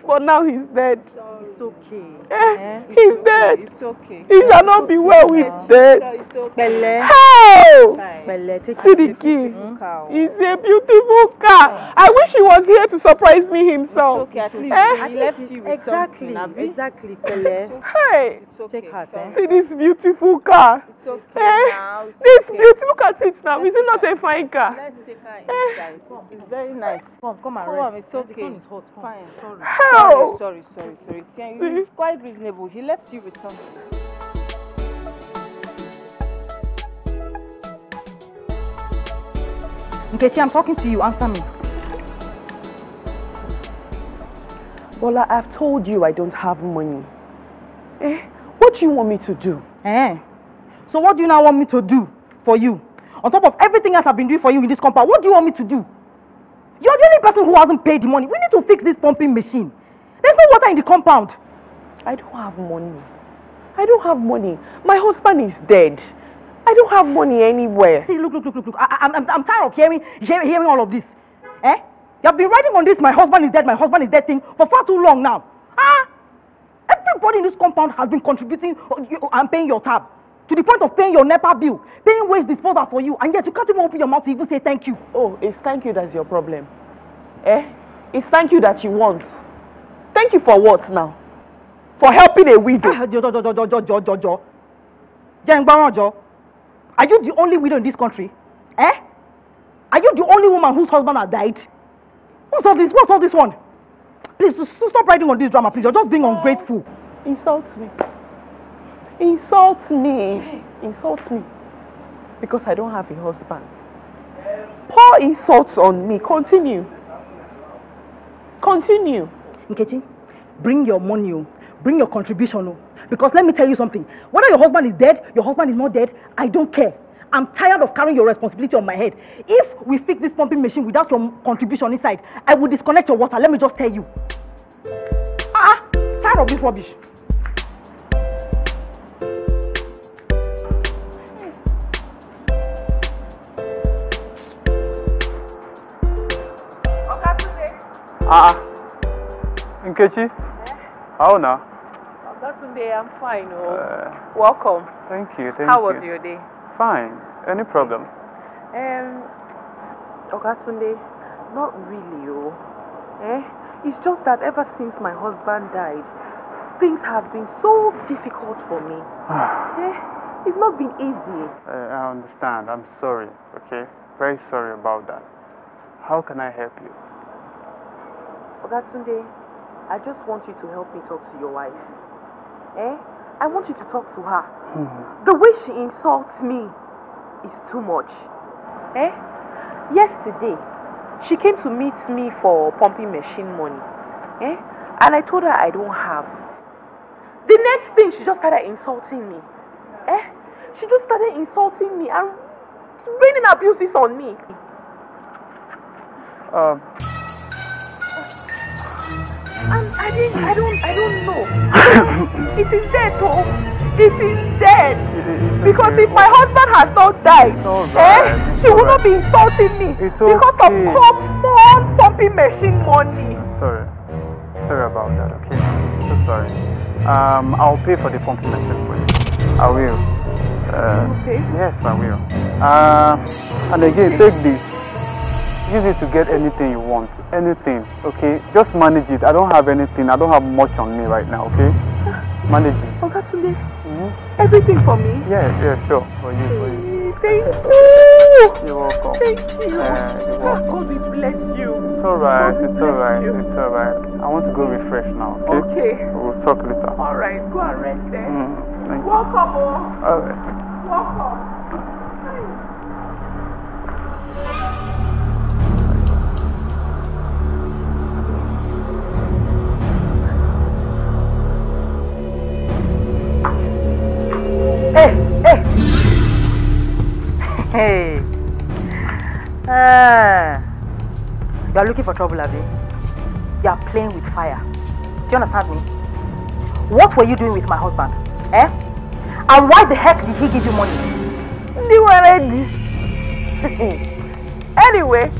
But now he's dead. It's okay. Eh, yeah, he's okay. dead. It's okay. He shall not be well with yeah. death. It's okay. How? Hey! See the key. It's a beautiful car. Ah. I wish he was here to surprise me himself. It's okay, at least eh? he left you with exactly, something. Exactly, Kele. Hey, okay, take heart. Eh? See this beautiful car. It's okay eh? now. It's this okay. beautiful car sits now. Let's is it not a fine car? Let's take her eh? inside. Eh? It's, very nice. Come, come and rest. Come, it's okay. It's hot. Fine, sorry. How? Sorry, sorry, sorry. sorry. See, it's quite reasonable. He left you with something. Nkechi, I'm talking to you. Answer me. Bola, I've told you I don't have money. Eh? What do you want me to do? Eh? So what do you now want me to do for you? On top of everything else I've been doing for you in this compound, what do you want me to do? You're the only person who hasn't paid the money. We need to fix this pumping machine. There's no water in the compound. I don't have money. I don't have money. My husband is dead. I don't have money anywhere. See, look, look, look, look, look. I, I, I'm, I'm tired of hearing, hearing all of this. Eh? You've been riding on this my husband is dead, my husband is dead thing for far too long now. Ah! Everybody in this compound has been contributing uh, uh, and paying your tab to the point of paying your NEPA bill, paying waste disposal for you, and yet you can't even open your mouth to even say thank you. Oh, it's thank you that's your problem. Eh? It's thank you that you want. Thank you for what now? For helping a widow. Ah, jo, jo, jo, jo, jo, jo, jo. Are you the only widow in this country? Eh? Are you the only woman whose husband has died? What's all this? What's all this one? Please, stop writing on this drama, please. You're just being ungrateful. Insult me. Insult me. Insult me. Because I don't have a husband. Pour insults on me. Continue. Continue. Nkechi, bring your money, oh. bring your contribution. Oh. Because let me tell you something. Whether your husband is dead, your husband is not dead, I don't care. I'm tired of carrying your responsibility on my head. If we fix this pumping machine without your contribution inside, I will disconnect your water. Let me just tell you. Ah, tired of this rubbish. Ah, ah. Nkechi, eh? how now? I'm fine. Oh. Eh. welcome. Thank you. Thank How you. was your day? fine. Any problem? Um, Ogatunde, not really, oh. Eh? It's just that ever since my husband died, things have been so difficult for me. eh? It's not been easy. Uh, I understand. I'm sorry, okay? Very sorry about that. How can I help you? Ogatunde, I just want you to help me talk to your wife. Eh? I want you to talk to her. Mm-hmm. The way she insults me is too much. Eh? Yesterday, she came to meet me for pumping machine money. Eh? And I told her I don't have. The next thing, she just started insulting me. Eh? She just started insulting me and raining abuses on me. Um. And I didn't, I don't, I don't know. it is there though if he's dead. Because if my husband has not died, eh, she will not be insulting me because of common pumping machine money. Sorry. Sorry about that, okay? So sorry. Um, I'll pay for the pumping machine for you. I will. Uh, okay. Yes, I will. Uh, and again, take this. Use it to get anything you want. Anything, okay? Just manage it. I don't have anything. I don't have much on me right now, okay? Manage it. Congratulations. Everything for me? Yes, yes, sure. For you, for you. Thank you. You're welcome. Thank you. Uh, you're ah, welcome. God will bless you. It's alright, it's alright, it's alright. I want to go refresh now, okay? Okay. We'll talk later. Alright, go and rest then. Mm, Welcome. Oh. Alright. Hey. Uh, you are looking for trouble, Abby. You are playing with fire. Do you understand me? What were you doing with my husband? Eh? And why the heck did he give you money? anyway,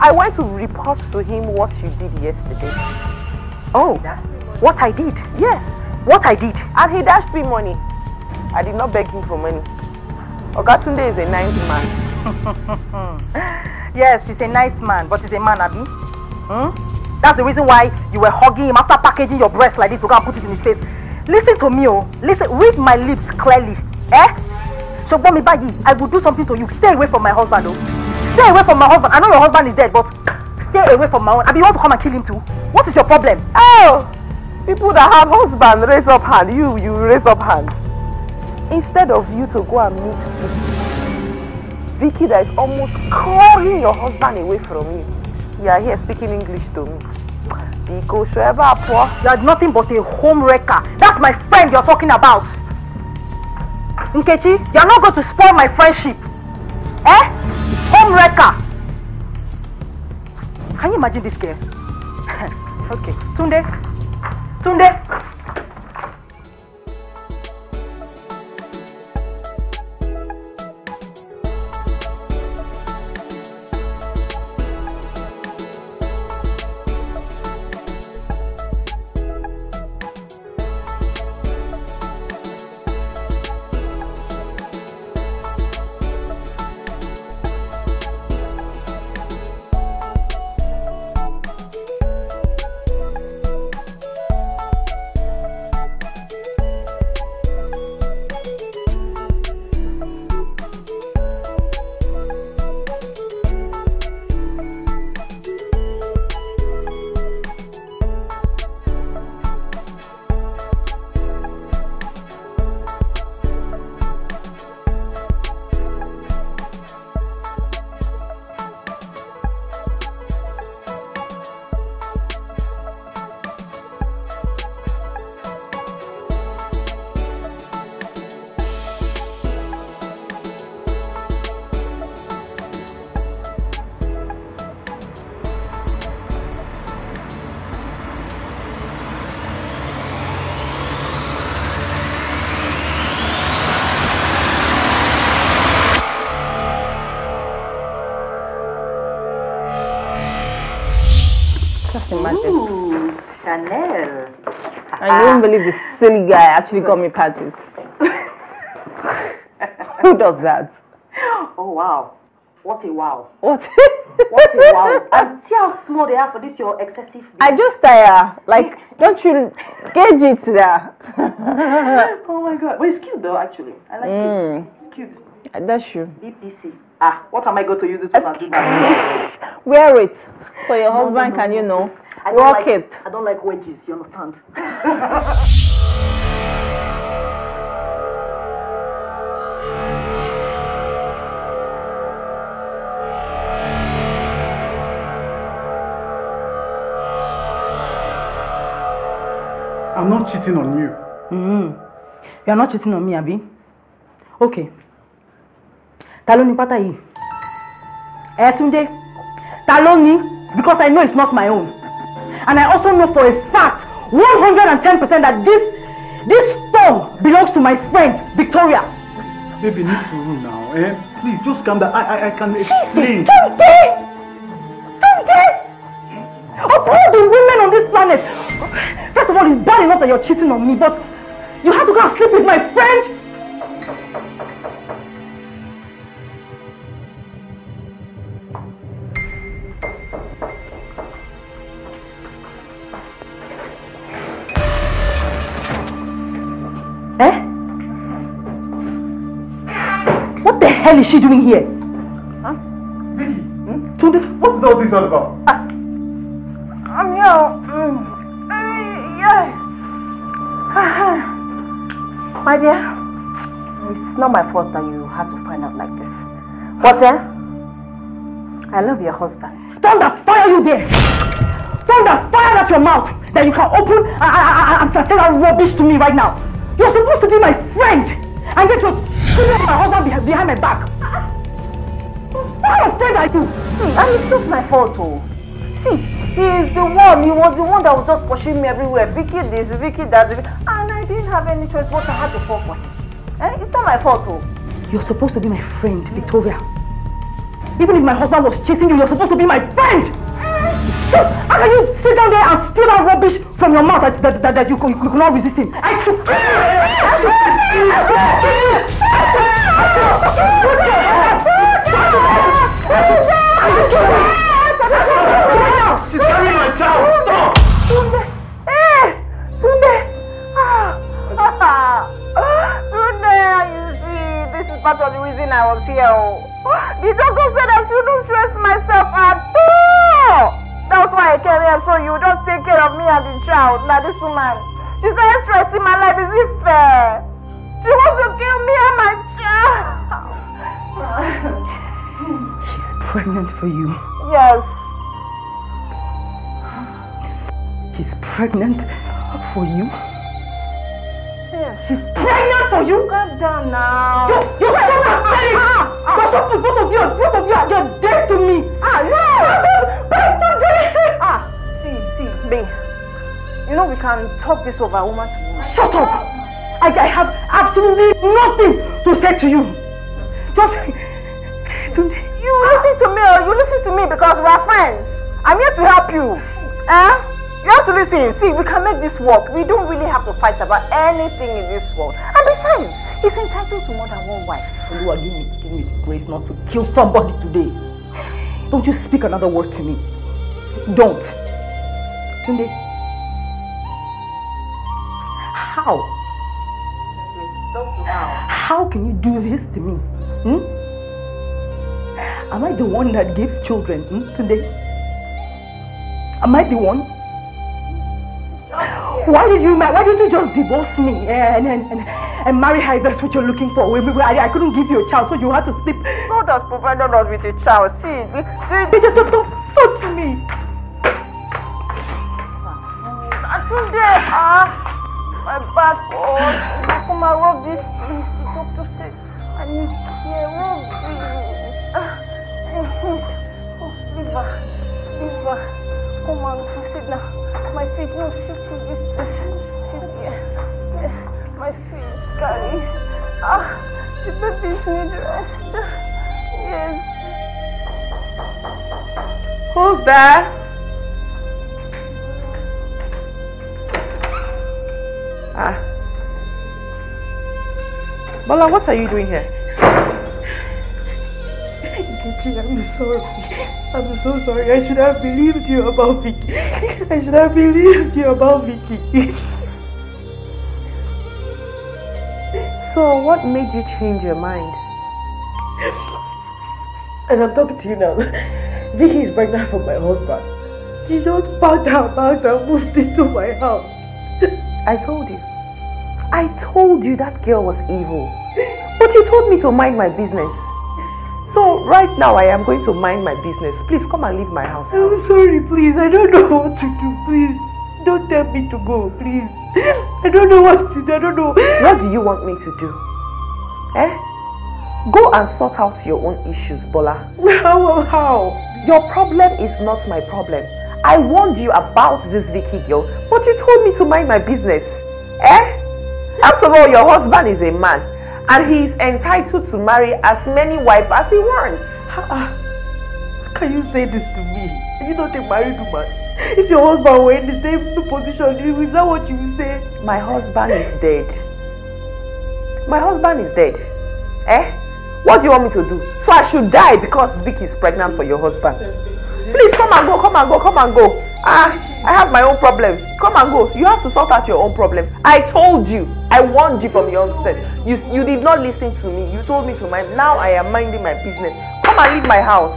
I went to report to him what you did yesterday. Oh, what I did? Yes, what I did. And he dashed me money. I did not beg him for money. Ogatunde is a nice man. yes, he's a nice man, but he's a man, Abi. Hmm? That's the reason why you were hugging him after packaging your breast like this to go and put it in his face. Listen to me, oh. Listen, read my lips clearly. Eh? Ṣùgbọ́n me báyìí, I will do something to you. Stay away from my husband, oh. Stay away from my husband. I know your husband is dead, but stay away from my own. Abi, you want to come and kill him too? What is your problem? Oh! People that have husband raise up hand. You, you raise up hand instead of you to go and meet Vicky, Vicky that is almost calling your husband away from you, you are here speaking English to me. Because wherever poor, you are nothing but a home wrecker. That's my friend you're talking about. Nkechi, you're not going to spoil my friendship. Eh? Home wrecker. Can you imagine this girl? okay, Tunde. Tunde. silly guy actually got me patties. Who does that? Oh wow. What a wow. What? what a wow. And see how small they are for this your excessive I just tire. Like, don't you gauge it there. oh my god. Well, it's cute though, actually. I like mm. it. It's cute. That's you. BPC. Ah, what am I going to use this one Wear it. So your husband no, no, no, can, you know. I don't like, it. I don't like wedges, you understand? I'm not cheating on you. Mm. You are not cheating on me, Abi. Okay. Ta ló ni pátá yìí? Ẹ Because I know it's not my own. And I also know for a fact, 110% that this this stone belongs to my friend, Victoria. Baby, need to rule now, eh? Please, just come down. I, I, I can explain. Kente! Kente! Of all the women on this planet, first of all, it's bad enough that you're cheating on me, but you have to go and sleep with my friend? the hell is she doing here? Huh? Vicky, hmm? Tunde, what is all this all about? Ah. I'm here. Mm. Uh, yeah. my dear, it's not my fault that you had to find out like this. But eh, I love your husband. that fire you there! that fire out your mouth! That you can open and, and, that rubbish to me right now! You're supposed to be my friend! And yet you're Even my husband behind my back. What offense are you? And it's not my fault, oh. See, he is the one, he was the one that was just pushing me everywhere. Vicky this, Vicky that, and I didn't have any choice What I had to fall for him. Eh? It's not my fault, oh. You're supposed to be my friend, Victoria. Even if my husband was chasing you, you're supposed to be my friend! So, how can you sit down there and steal that rubbish from your mouth that, that, that, that you, you, you could not resist him? I should... She's carrying my child! Stop! Tunde! Hey! Tunde! Tunde, you see, this is part of the reason I was here. The doctor said I shouldn't stress myself at all! That's why I came here, so you just take care of me and the child. not this woman, She's not stress in my life. Is it fair? She wants to kill me and my child. She's pregnant for you. Yes. She's pregnant for you. She's pregnant for you. Calm down now. You, you shut up, ah, ah. Both of you, both of you are you're dead to me. Ah no. ah, see, see, me. You know we can talk this over woman Shut up! I, I have absolutely nothing to say to you. Just do you listen to me or you listen to me because we are friends. I'm here to help you. Eh? You have to listen. See, we can make this work. We don't really have to fight about anything in this world. And besides, he's entitled to more than one wife. Olua, give me, me the grace not to kill somebody today. Don't you speak another word to me. Don't. Tunde. How? How can you do this to me? Hmm? Am I the one that gives children hmm, today? Am I the one? Why did you why didn't you just divorce me and and, and, and marry her if that's what you're looking for? I, I couldn't give you a child, so you had to sleep. God does provided us with a child. See, see they just don't, don't touch me. Atunde, ah my back Oh, hurts. Nakuma, rub this, please. The doctor said I need care. Rub this. Oh, Liva, Liva, come on, sit now. My feet, no, sit to this person. Sit here. Yeah. My feet, carry. Ah, the babies need rest. Yes. Who's there? Bala, what are you doing here? I'm sorry. I'm so sorry. I should have believed you about Vicky. I should have believed you about Vicky. so, what made you change your mind? And I'm talking to you now. Vicky is pregnant for my husband. She just packed her bags and moved into my house. I told you. I told you that girl was evil he told me to mind my business. So right now I am going to mind my business. Please come and leave my house. I'm sorry, please. I don't know what to do. Please don't tell me to go. Please. I don't know what to do. I don't know. What do you want me to do? Eh? Go and sort out your own issues, Bola. How? How? Your problem is not my problem. I warned you about this Vicky girl, but you told me to mind my business. Eh? After all, your husband is a man and he is entitled to marry as many wives as he wants. How can you say this to me? Are you not a married woman? If your husband were in the same position, is that what you will say? My husband is dead. My husband is dead. Eh? What do you want me to do? So I should die because Vicky is pregnant for your husband. Please come and go, come and go, come and go. Ah, I have my own problems. Come and go. You have to sort out your own problems. I told you. I warned you from the onset. You you did not listen to me. You told me to mind. Now I am minding my business. Come and leave my house.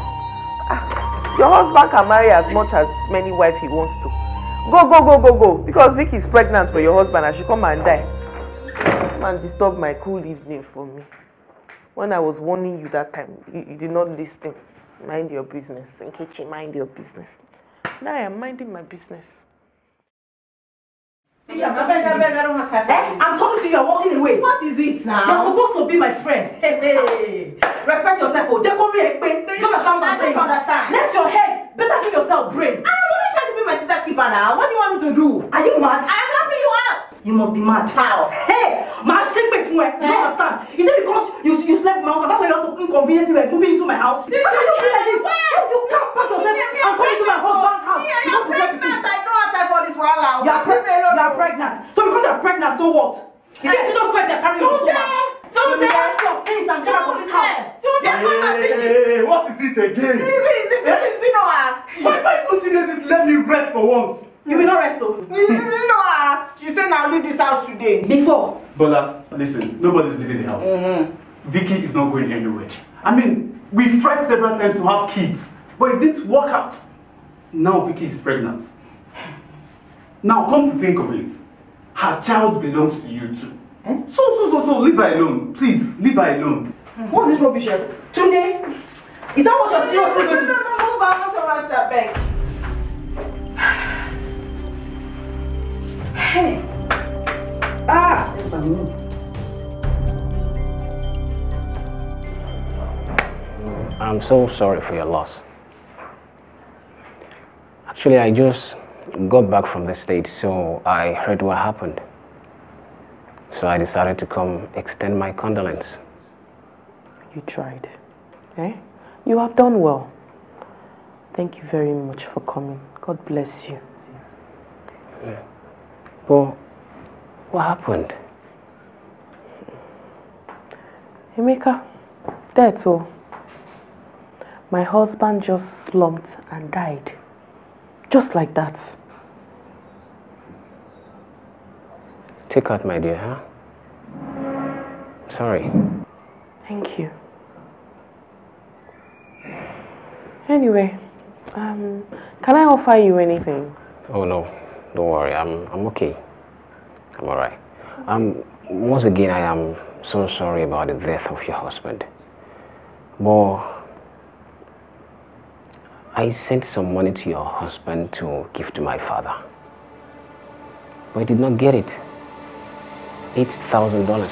Ah, your husband can marry as much as many wives he wants to. Go, go, go, go, go. Because Vicky is pregnant for your husband and she come and die. Come and disturb my cool evening for me. When I was warning you that time, you, you did not listen. Mind your business. Nkechi, mind your business. Now I am minding my business. Yeah, my best, best, I don't want to eh? I'm talking to you, you're walking away. What is it now? You're supposed to be my friend. Hey, hey. Respect yourself. Oh, don't understand what I'm saying. understand. Let your head better give yourself brain. Ah, I'm only trying to be my sister's keeper now. What do you want me to do? Are you mad? I'm helping you out. You must be mad. How? Hey, my shake fún ẹ. You understand. Is it because you you slept with my husband? That's why you have to inconvenience me by moving into my house. Why are you doing this? Where? You can't pack yourself and come into my husband's house. Me, I am pregnant. I don't have time for this now. You are pregnant. You are pregnant. So because you are pregnant, so what? Is it Jesus Christ you are carrying your stomach? Don't dare! Don't dare! Don't dare! Come and see What is it again? Is it? Is it? Is it? Is it? Why am I continuing this? Let me rest for once. You will not rest up. no, she said now leave this house today. Before. Bola, listen, nobody's leaving the house. Mm-hmm. Vicky is not going anywhere. I mean, we've tried several times to have kids, but it didn't work out. Now Vicky is pregnant. Now, come to think of it, her child belongs to you too. Hmm? So, so, so, so, leave her alone. Please, leave her alone. Mm-hmm. What's this rubbish? Tunde, is that what you're seriously going to do? No, no, no, no, no, no, no, no, no, no, no, no, no, no, no, no, Hey. Ah, nù. I'm so sorry for your loss. Actually, I just got back from the States, so I heard what happened. So I decided to come extend my condolence. You tried. Eh? You have done well. Thank you very much for coming. God bless you. Yeah. But what happened? Emeka, dead too. My husband just slumped and died. Just like that. Take out, my dear, huh? Sorry. Thank you. Anyway, um, can I offer you anything? Oh, no. Don't worry, I'm I'm okay. I'm alright. Um, once again, I am so sorry about the death of your husband. But I sent some money to your husband to give to my father. But I did not get it. Eight thousand dollars.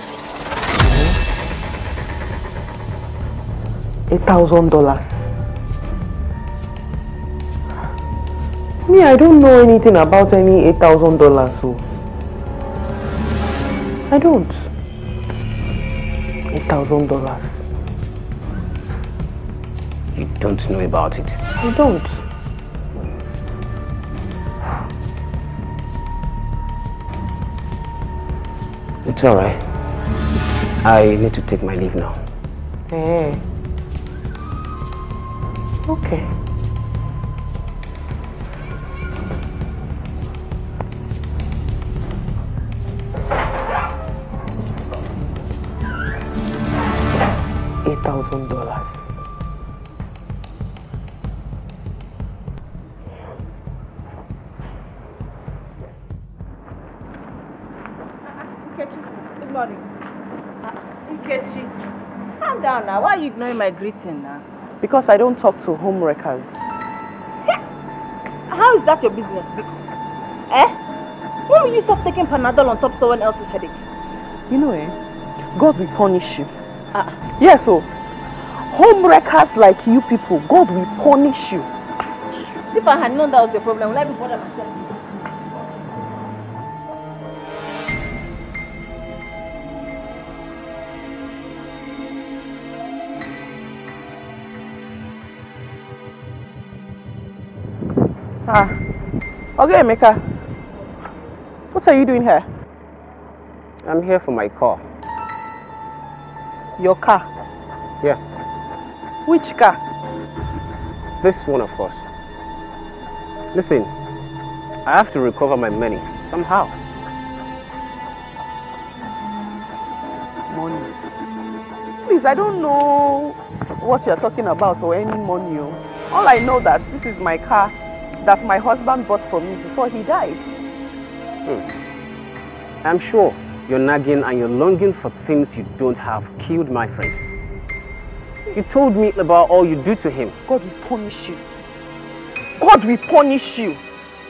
Eight thousand dollars. Me, I don't know anything about any $8,000 so. I don't. $8,000. You don't know about it. I don't. It's all right. I need to take my leave now. Hey. Eh. Okay. my greeting now because I don't talk to home wreckers. How is that your business? Eh? When will you stop taking Panadol on top of someone else's headache? You know, eh? God will punish you. Ah. Uh, yes, yeah, oh. so wreckers like you people, God will punish you. If I had known that was your problem, would I be bothered myself? Okay, Emeka, what are you doing here? I'm here for my car. Your car? Yeah. Which car? This one, of course. Listen, I have to recover my money somehow. Money? Please, I don't know what you're talking about or any money. Oh. All I know that this is my car that my husband bought for me before he died. Hmm. I'm sure your nagging and your longing for things you don't have killed my friend. You told me about all you do to him. God will punish you. God will punish you.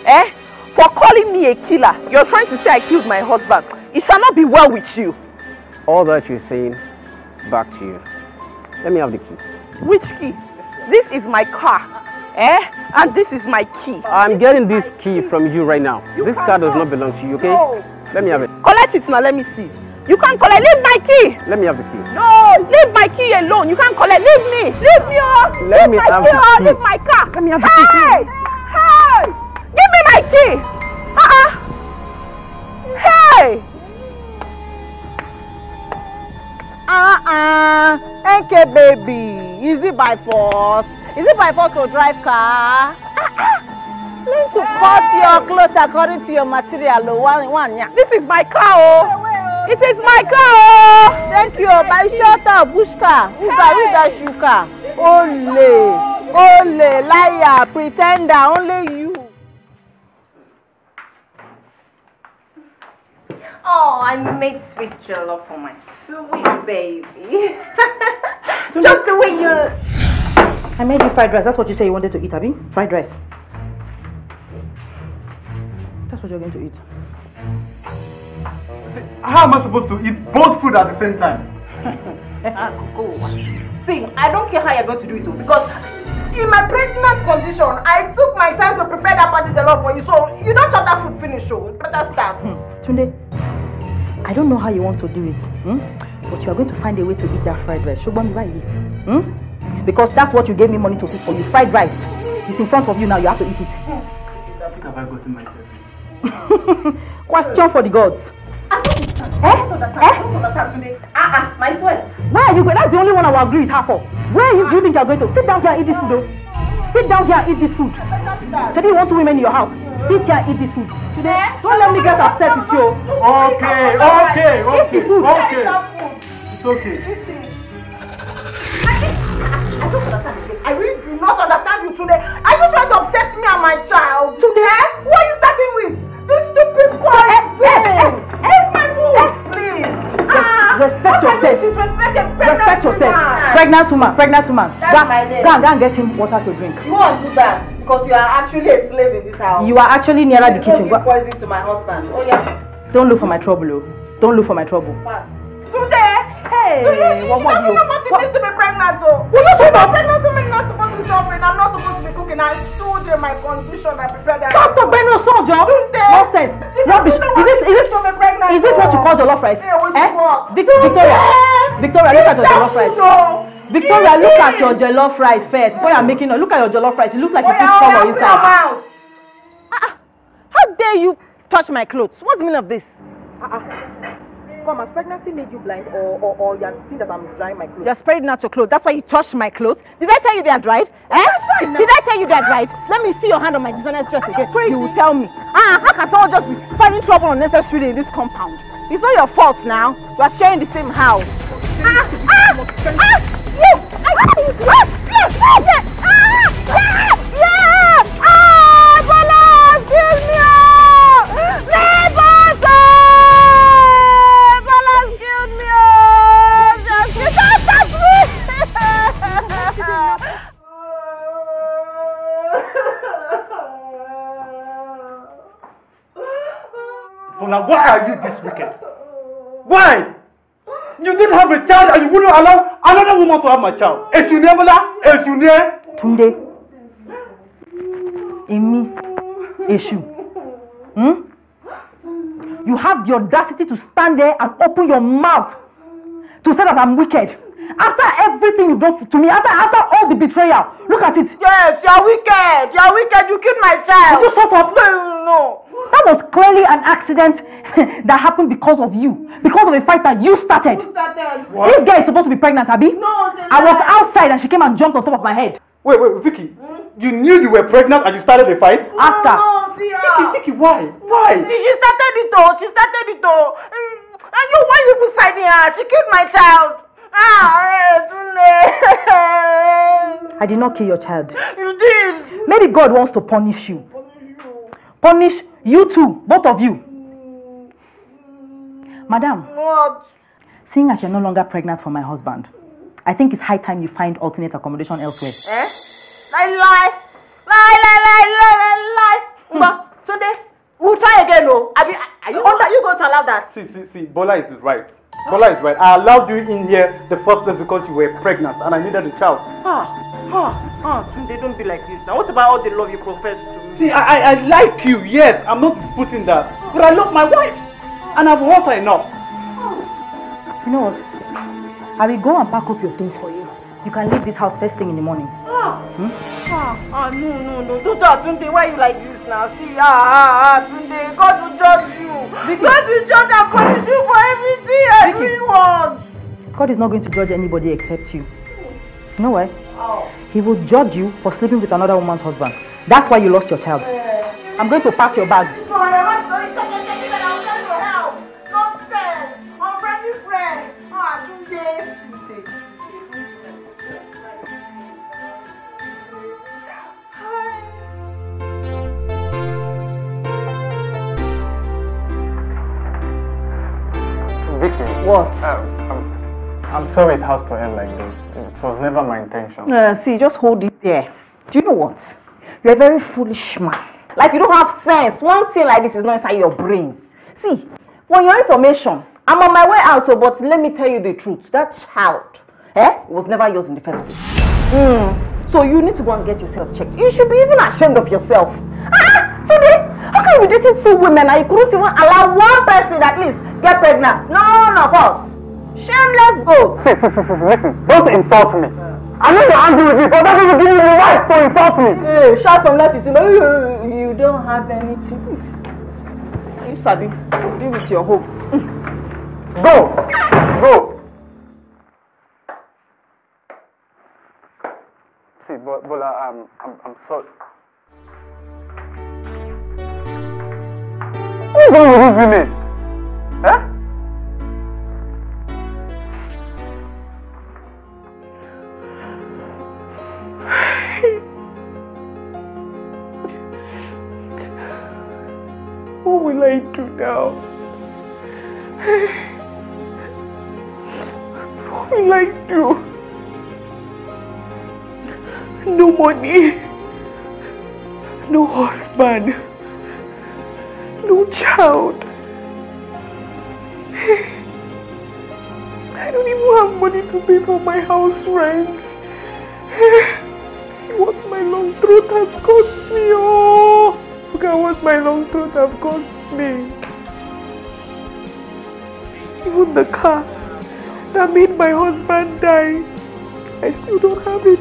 Eh? For calling me a killer. You're trying to say I killed my husband. It shall not be well with you. All that you're saying, back to you. Let me have the key. Which key? This is my car. Eh? And this is my key. I'm getting this key, from you right now. You this car does not belong to you, okay? No. Let me have it. Collect it now, let me see. You can't collect. Leave my key. Let me have the key. No, leave my key alone. You can't collect. Leave me. Leave me. Oh. Let leave me my have key. The oh. key. leave my car. Let me have the key. Hey! Give me my key. Uh-uh. Hey! Uh-uh. Okay, baby. Is it by force? Is it my force to drive car? Learn to cut your clothes according to your material. Oh, one, one, yeah. This is my car, oh. It is my car, oh. Thank you. Oh. By shelter, bush car. Who's that? Who's that shoe car? Olè, liar, pretender, only you. Oh, I made sweet jello for my sweet baby. Just the way you... I made you fried rice. That's what you say you wanted to eat, Abby? Fried rice. That's what you're going to eat. How am I supposed to eat both food at the same time? Ah, go. See, I don't care how you're going to do it, oh, because in my pregnant condition, I took my time to prepare that party love for you, so you don't have that food finished, so oh. better start. Hmm. Tunde, I don't know how you want to do it, hmm? but you are going to find a way to eat that fried rice. Shobon, right here. Hmm? because that's what you gave me money to cook for you. Fried rice. It's in front of you now. You have to eat it. What have I gotten myself? Question for the gods. Eh? Eh? Ah, ah, my sweat. Where are you going? That's the only one I will agree with her for. Where do you think you're going to? Sit down here and eat this food, though. Sit down here and eat this food. Today you want two women in your house. Sit here and eat this food. Today, don't let me get upset with you. Oh. Okay, okay, okay, okay. It's okay. I understand you. I really do not understand you, Tunde. Are you trying to upset me and my child? Tunde? Eh? Who are you starting with? This stupid boy. Help eh, eh, my move, please. Ah, respect yourself. You respect yourself. Pregnant woman, pregnant woman. That's go, my name. Go and, go and get him water to drink. You won't do that because you are actually a slave in this house. You are actually nearer you the kitchen. Don't poison to my husband. Oh yeah. Don't look for my trouble, oh. Don't look for my trouble. Fast. What more do you? Mama to be pregnant though. What you talking about? Pregnant women are not supposed to be suffering. I'm not supposed to be cooking. I told you my condition. I prepared that. Doctor Benno your job. Nonsense. Rubbish. Is this is this pregnant? Is this what you oh. call love rice? Eh? Victoria. Victoria, look at your love rice. Victoria, look at your jollof rice first. Boy, I'm making. Look at your jollof rice. It looks like you put color inside. Ah, ah. How dare you touch my clothes? What's the meaning of this? Uh-uh. Confirm, has pregnancy made you blind or, or, or you're seeing that I'm drying my clothes? You're sprayed not your clothes. That's why you touched my clothes. Did I tell you they are dried? Eh? Did I tell you they are dried? Let me see your hand on my dishonest dress again. Crazy. You will tell me. Ah, how can someone just be finding trouble unnecessarily in this compound? It's not your fault now. You are sharing the same house. Ah, ah, ah, ah, ah, ah, ah, ah, ah, ah, ah, Now why are you this wicked? Why? You didn't have a child and you wouldn't allow another woman to have my child. Èṣù Ebola, Èṣù ni. Túndé, Èmi, Hmm? You have the audacity to stand there and open your mouth to say that I'm wicked. After everything you've done to me, after after all the betrayal, look at it. Yes, you're wicked. You're wicked. You killed my child. Will you shut up? No, no. That was clearly an accident that happened because of you. Because of a fight that you started. Who started? What? This girl is supposed to be pregnant, Abby. No, I was outside and she came and jumped on top of my head. Wait, wait, Vicky. Hmm? You knew you were pregnant and you started the fight? No, Ask her. No, Vicky, Vicky, why? Why? She, started it all. She started it all. Mm. And you, why you put side her? She killed my child. Ah, eh, I did not kill your child. You did. Maybe God wants to punish you. Punish you. Punish You too, both of you. Madam. What? Seeing as you're no longer pregnant for my husband, I think it's high time you find alternate accommodation elsewhere. Eh? Lie, lie. Lie, lie, lie, lie, lie. Hmm. But today, we'll try again, no? Oh. Are you, are you, are you going to allow that? See, see, see, Bola is right. Bola is right. I allowed you in here the first place because you were pregnant and I needed a child. Ah, ah, ah, They don't be like this now. What about all the love you profess to me? See, I, I, like you, yes. I'm not disputing that. But I love my wife. And I've hurt her enough. You know what? I will go and pack up your things for you. You can leave this house first thing in the morning. Ah, hmm? ah, ah no, no, no. Don't that, Tunde. Why you like this now? See, ah, ah, ah, Tunde. God will judge you. Vicky. God will judge and punish you for everything, Vicky. everyone. God is not going to judge anybody except you. You know why? Oh. He will judge you for sleeping with another woman's husband. That's why you lost your child. Yeah. I'm going to pack your bag. Uh, I'm, I'm sorry it has to end like this. It was never my intention. Uh, see, just hold it there. Do you know what? You're a very foolish man. Like you don't have sense. One thing like this is not inside your brain. See, for your information, I'm on my way out, oh, but let me tell you the truth. That child, eh, was never yours in the first place. Mm. So you need to go and get yourself checked. You should be even ashamed of yourself. How can you be dating two women and you couldn't even allow one person at least get pregnant? None of us. Shameless both. Listen, don't insult me. I know you're angry with me, but that doesn't give you the right to insult me. Hey, shut from left to know you, you don't have anything. You sabi, deal with your hope. Go! Go! See, Bola, um, I'm, I'm sorry. is wrong with this village? Eh? what will I do now? What will I do? No money, no husband no child. I don't even have money to pay for my house rent. what my long throat has cost me. Oh, look at what my long throat has cost me. Even the car that made my husband die, I still don't have it.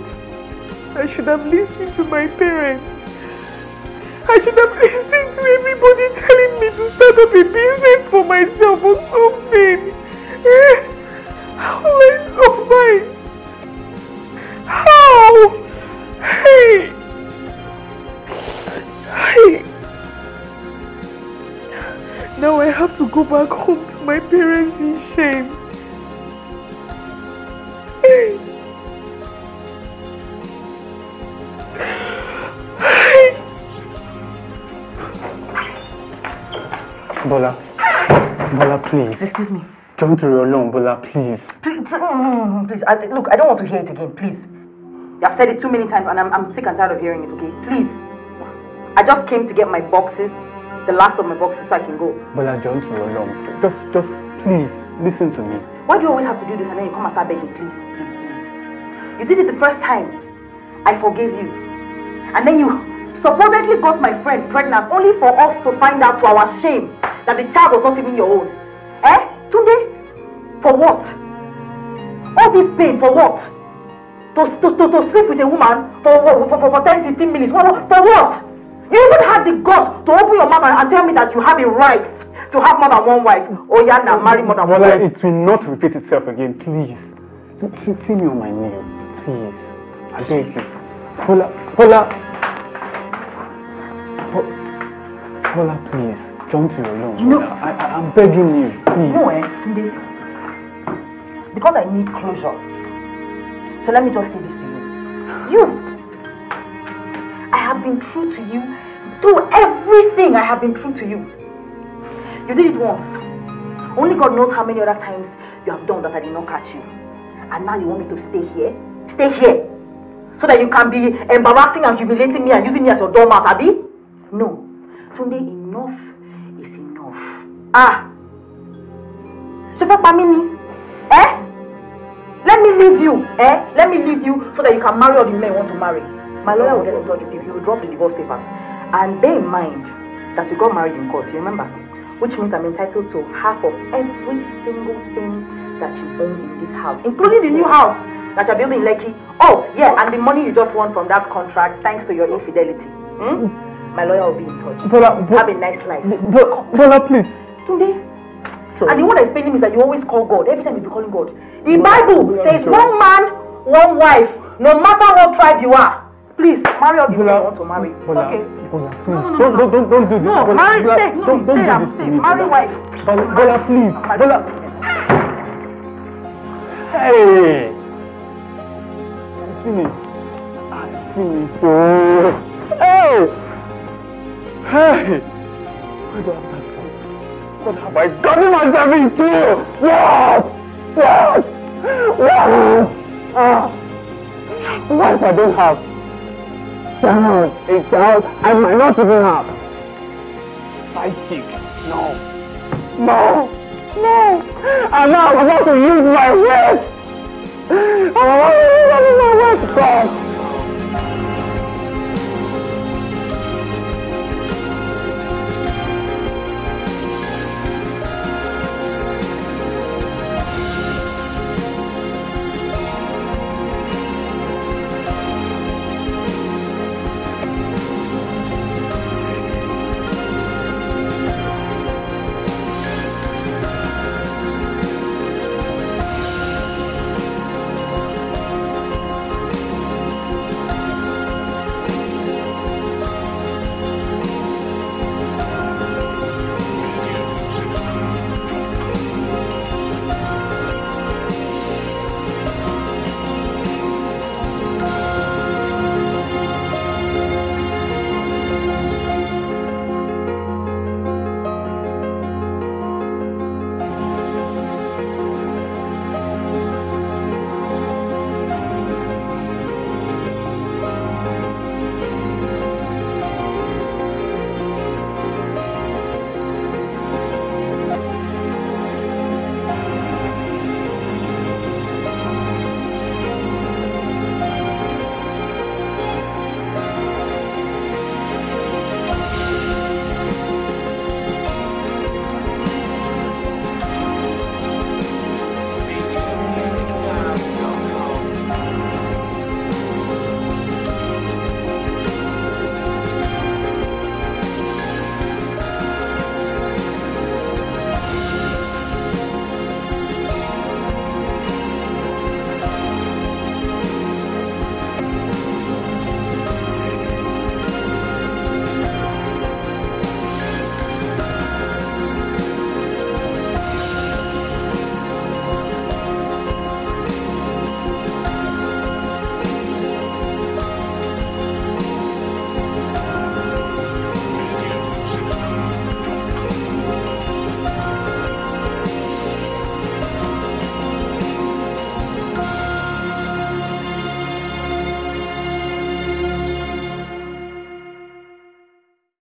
I should have listened to my parents. I should have listened to everybody telling me to start up a business for myself or something. How I survive? How? Hey! Hey! Now I have to go back home to my parents in shame. Hey! Bola. Bola, please. Excuse me. Don't throw your alone, Bola, please. Please, mm, mm, mm, please. I, look, I don't want to hear it again, please. I've said it too many times and I'm, I'm sick and tired of hearing it, okay? Please. I just came to get my boxes, the last of my boxes, so I can go. Bola, don't throw your alone. Just, just, please, listen to me. Why do you always have to do this and then you come and start begging, please, please, please? You did it the first time. I forgave you. And then you supposedly got my friend pregnant only for us to find out to our shame that the child was not even your own. Eh? Tunde? For what? All this pain for what? To, to, to, to sleep with a woman for, for, for, for 10, 15 minutes. For, for what? You even had the guts to open your mouth and tell me that you have a right to have more than one wife. Oh yeah, now marry more than one wife. It will not repeat itself again, please. See me on my name, please. I beg you. Hola, hola. Paula, please, come to your room. No. I, I, am begging you, please. No, eh, Because I need closure. So let me just say this to you. You, I have been true to you through everything I have been true to you. You did it once. Only God knows how many other times you have done that I did not catch you. And now you want me to stay here? Stay here. So that you can be embarrassing and humiliating me and using me as your doormat, Abby? No. Túndé, enough is enough. Ah! Ṣé fẹ́ pa mí ni? Eh? Let me leave you. Eh? Let me leave you so that you can marry all the men you want to marry. My lawyer will get in touch with you. He will drop the divorce papers. And bear in mind that you got married in court, you remember? Which means I'm entitled to half of every single thing that you own in this house, including the new house that you're building in Lekki. Oh, yeah, and the money you just won from that contract thanks to your infidelity. Hmm? hmm. My lawyer will be in touch. Bola, Bo Have a nice life. Bo Bola, please. Today. Sure. And the one I'm paining is that you always call God. Every time you be calling God. The Bola, Bible Bola, says sure. one man, one wife, no matter what tribe you are. Please, marry all the people you want to marry. Bola, okay. Bola, please. No, no, no, don't, don't, don't do this. No, Bola, marry, Bola, stay. No, don't, don't stay, do this. Stay. Marry wife. Bola, Bola please. Bola. Hey. Finish. Finish. Oh. Hey. Hey! What have I gotten myself into? What? What? What? What if I don't have. Down, a child I might not even have. Psychic, no. No! No! And now I'm about to use my wit! I'm about to use my wit, God!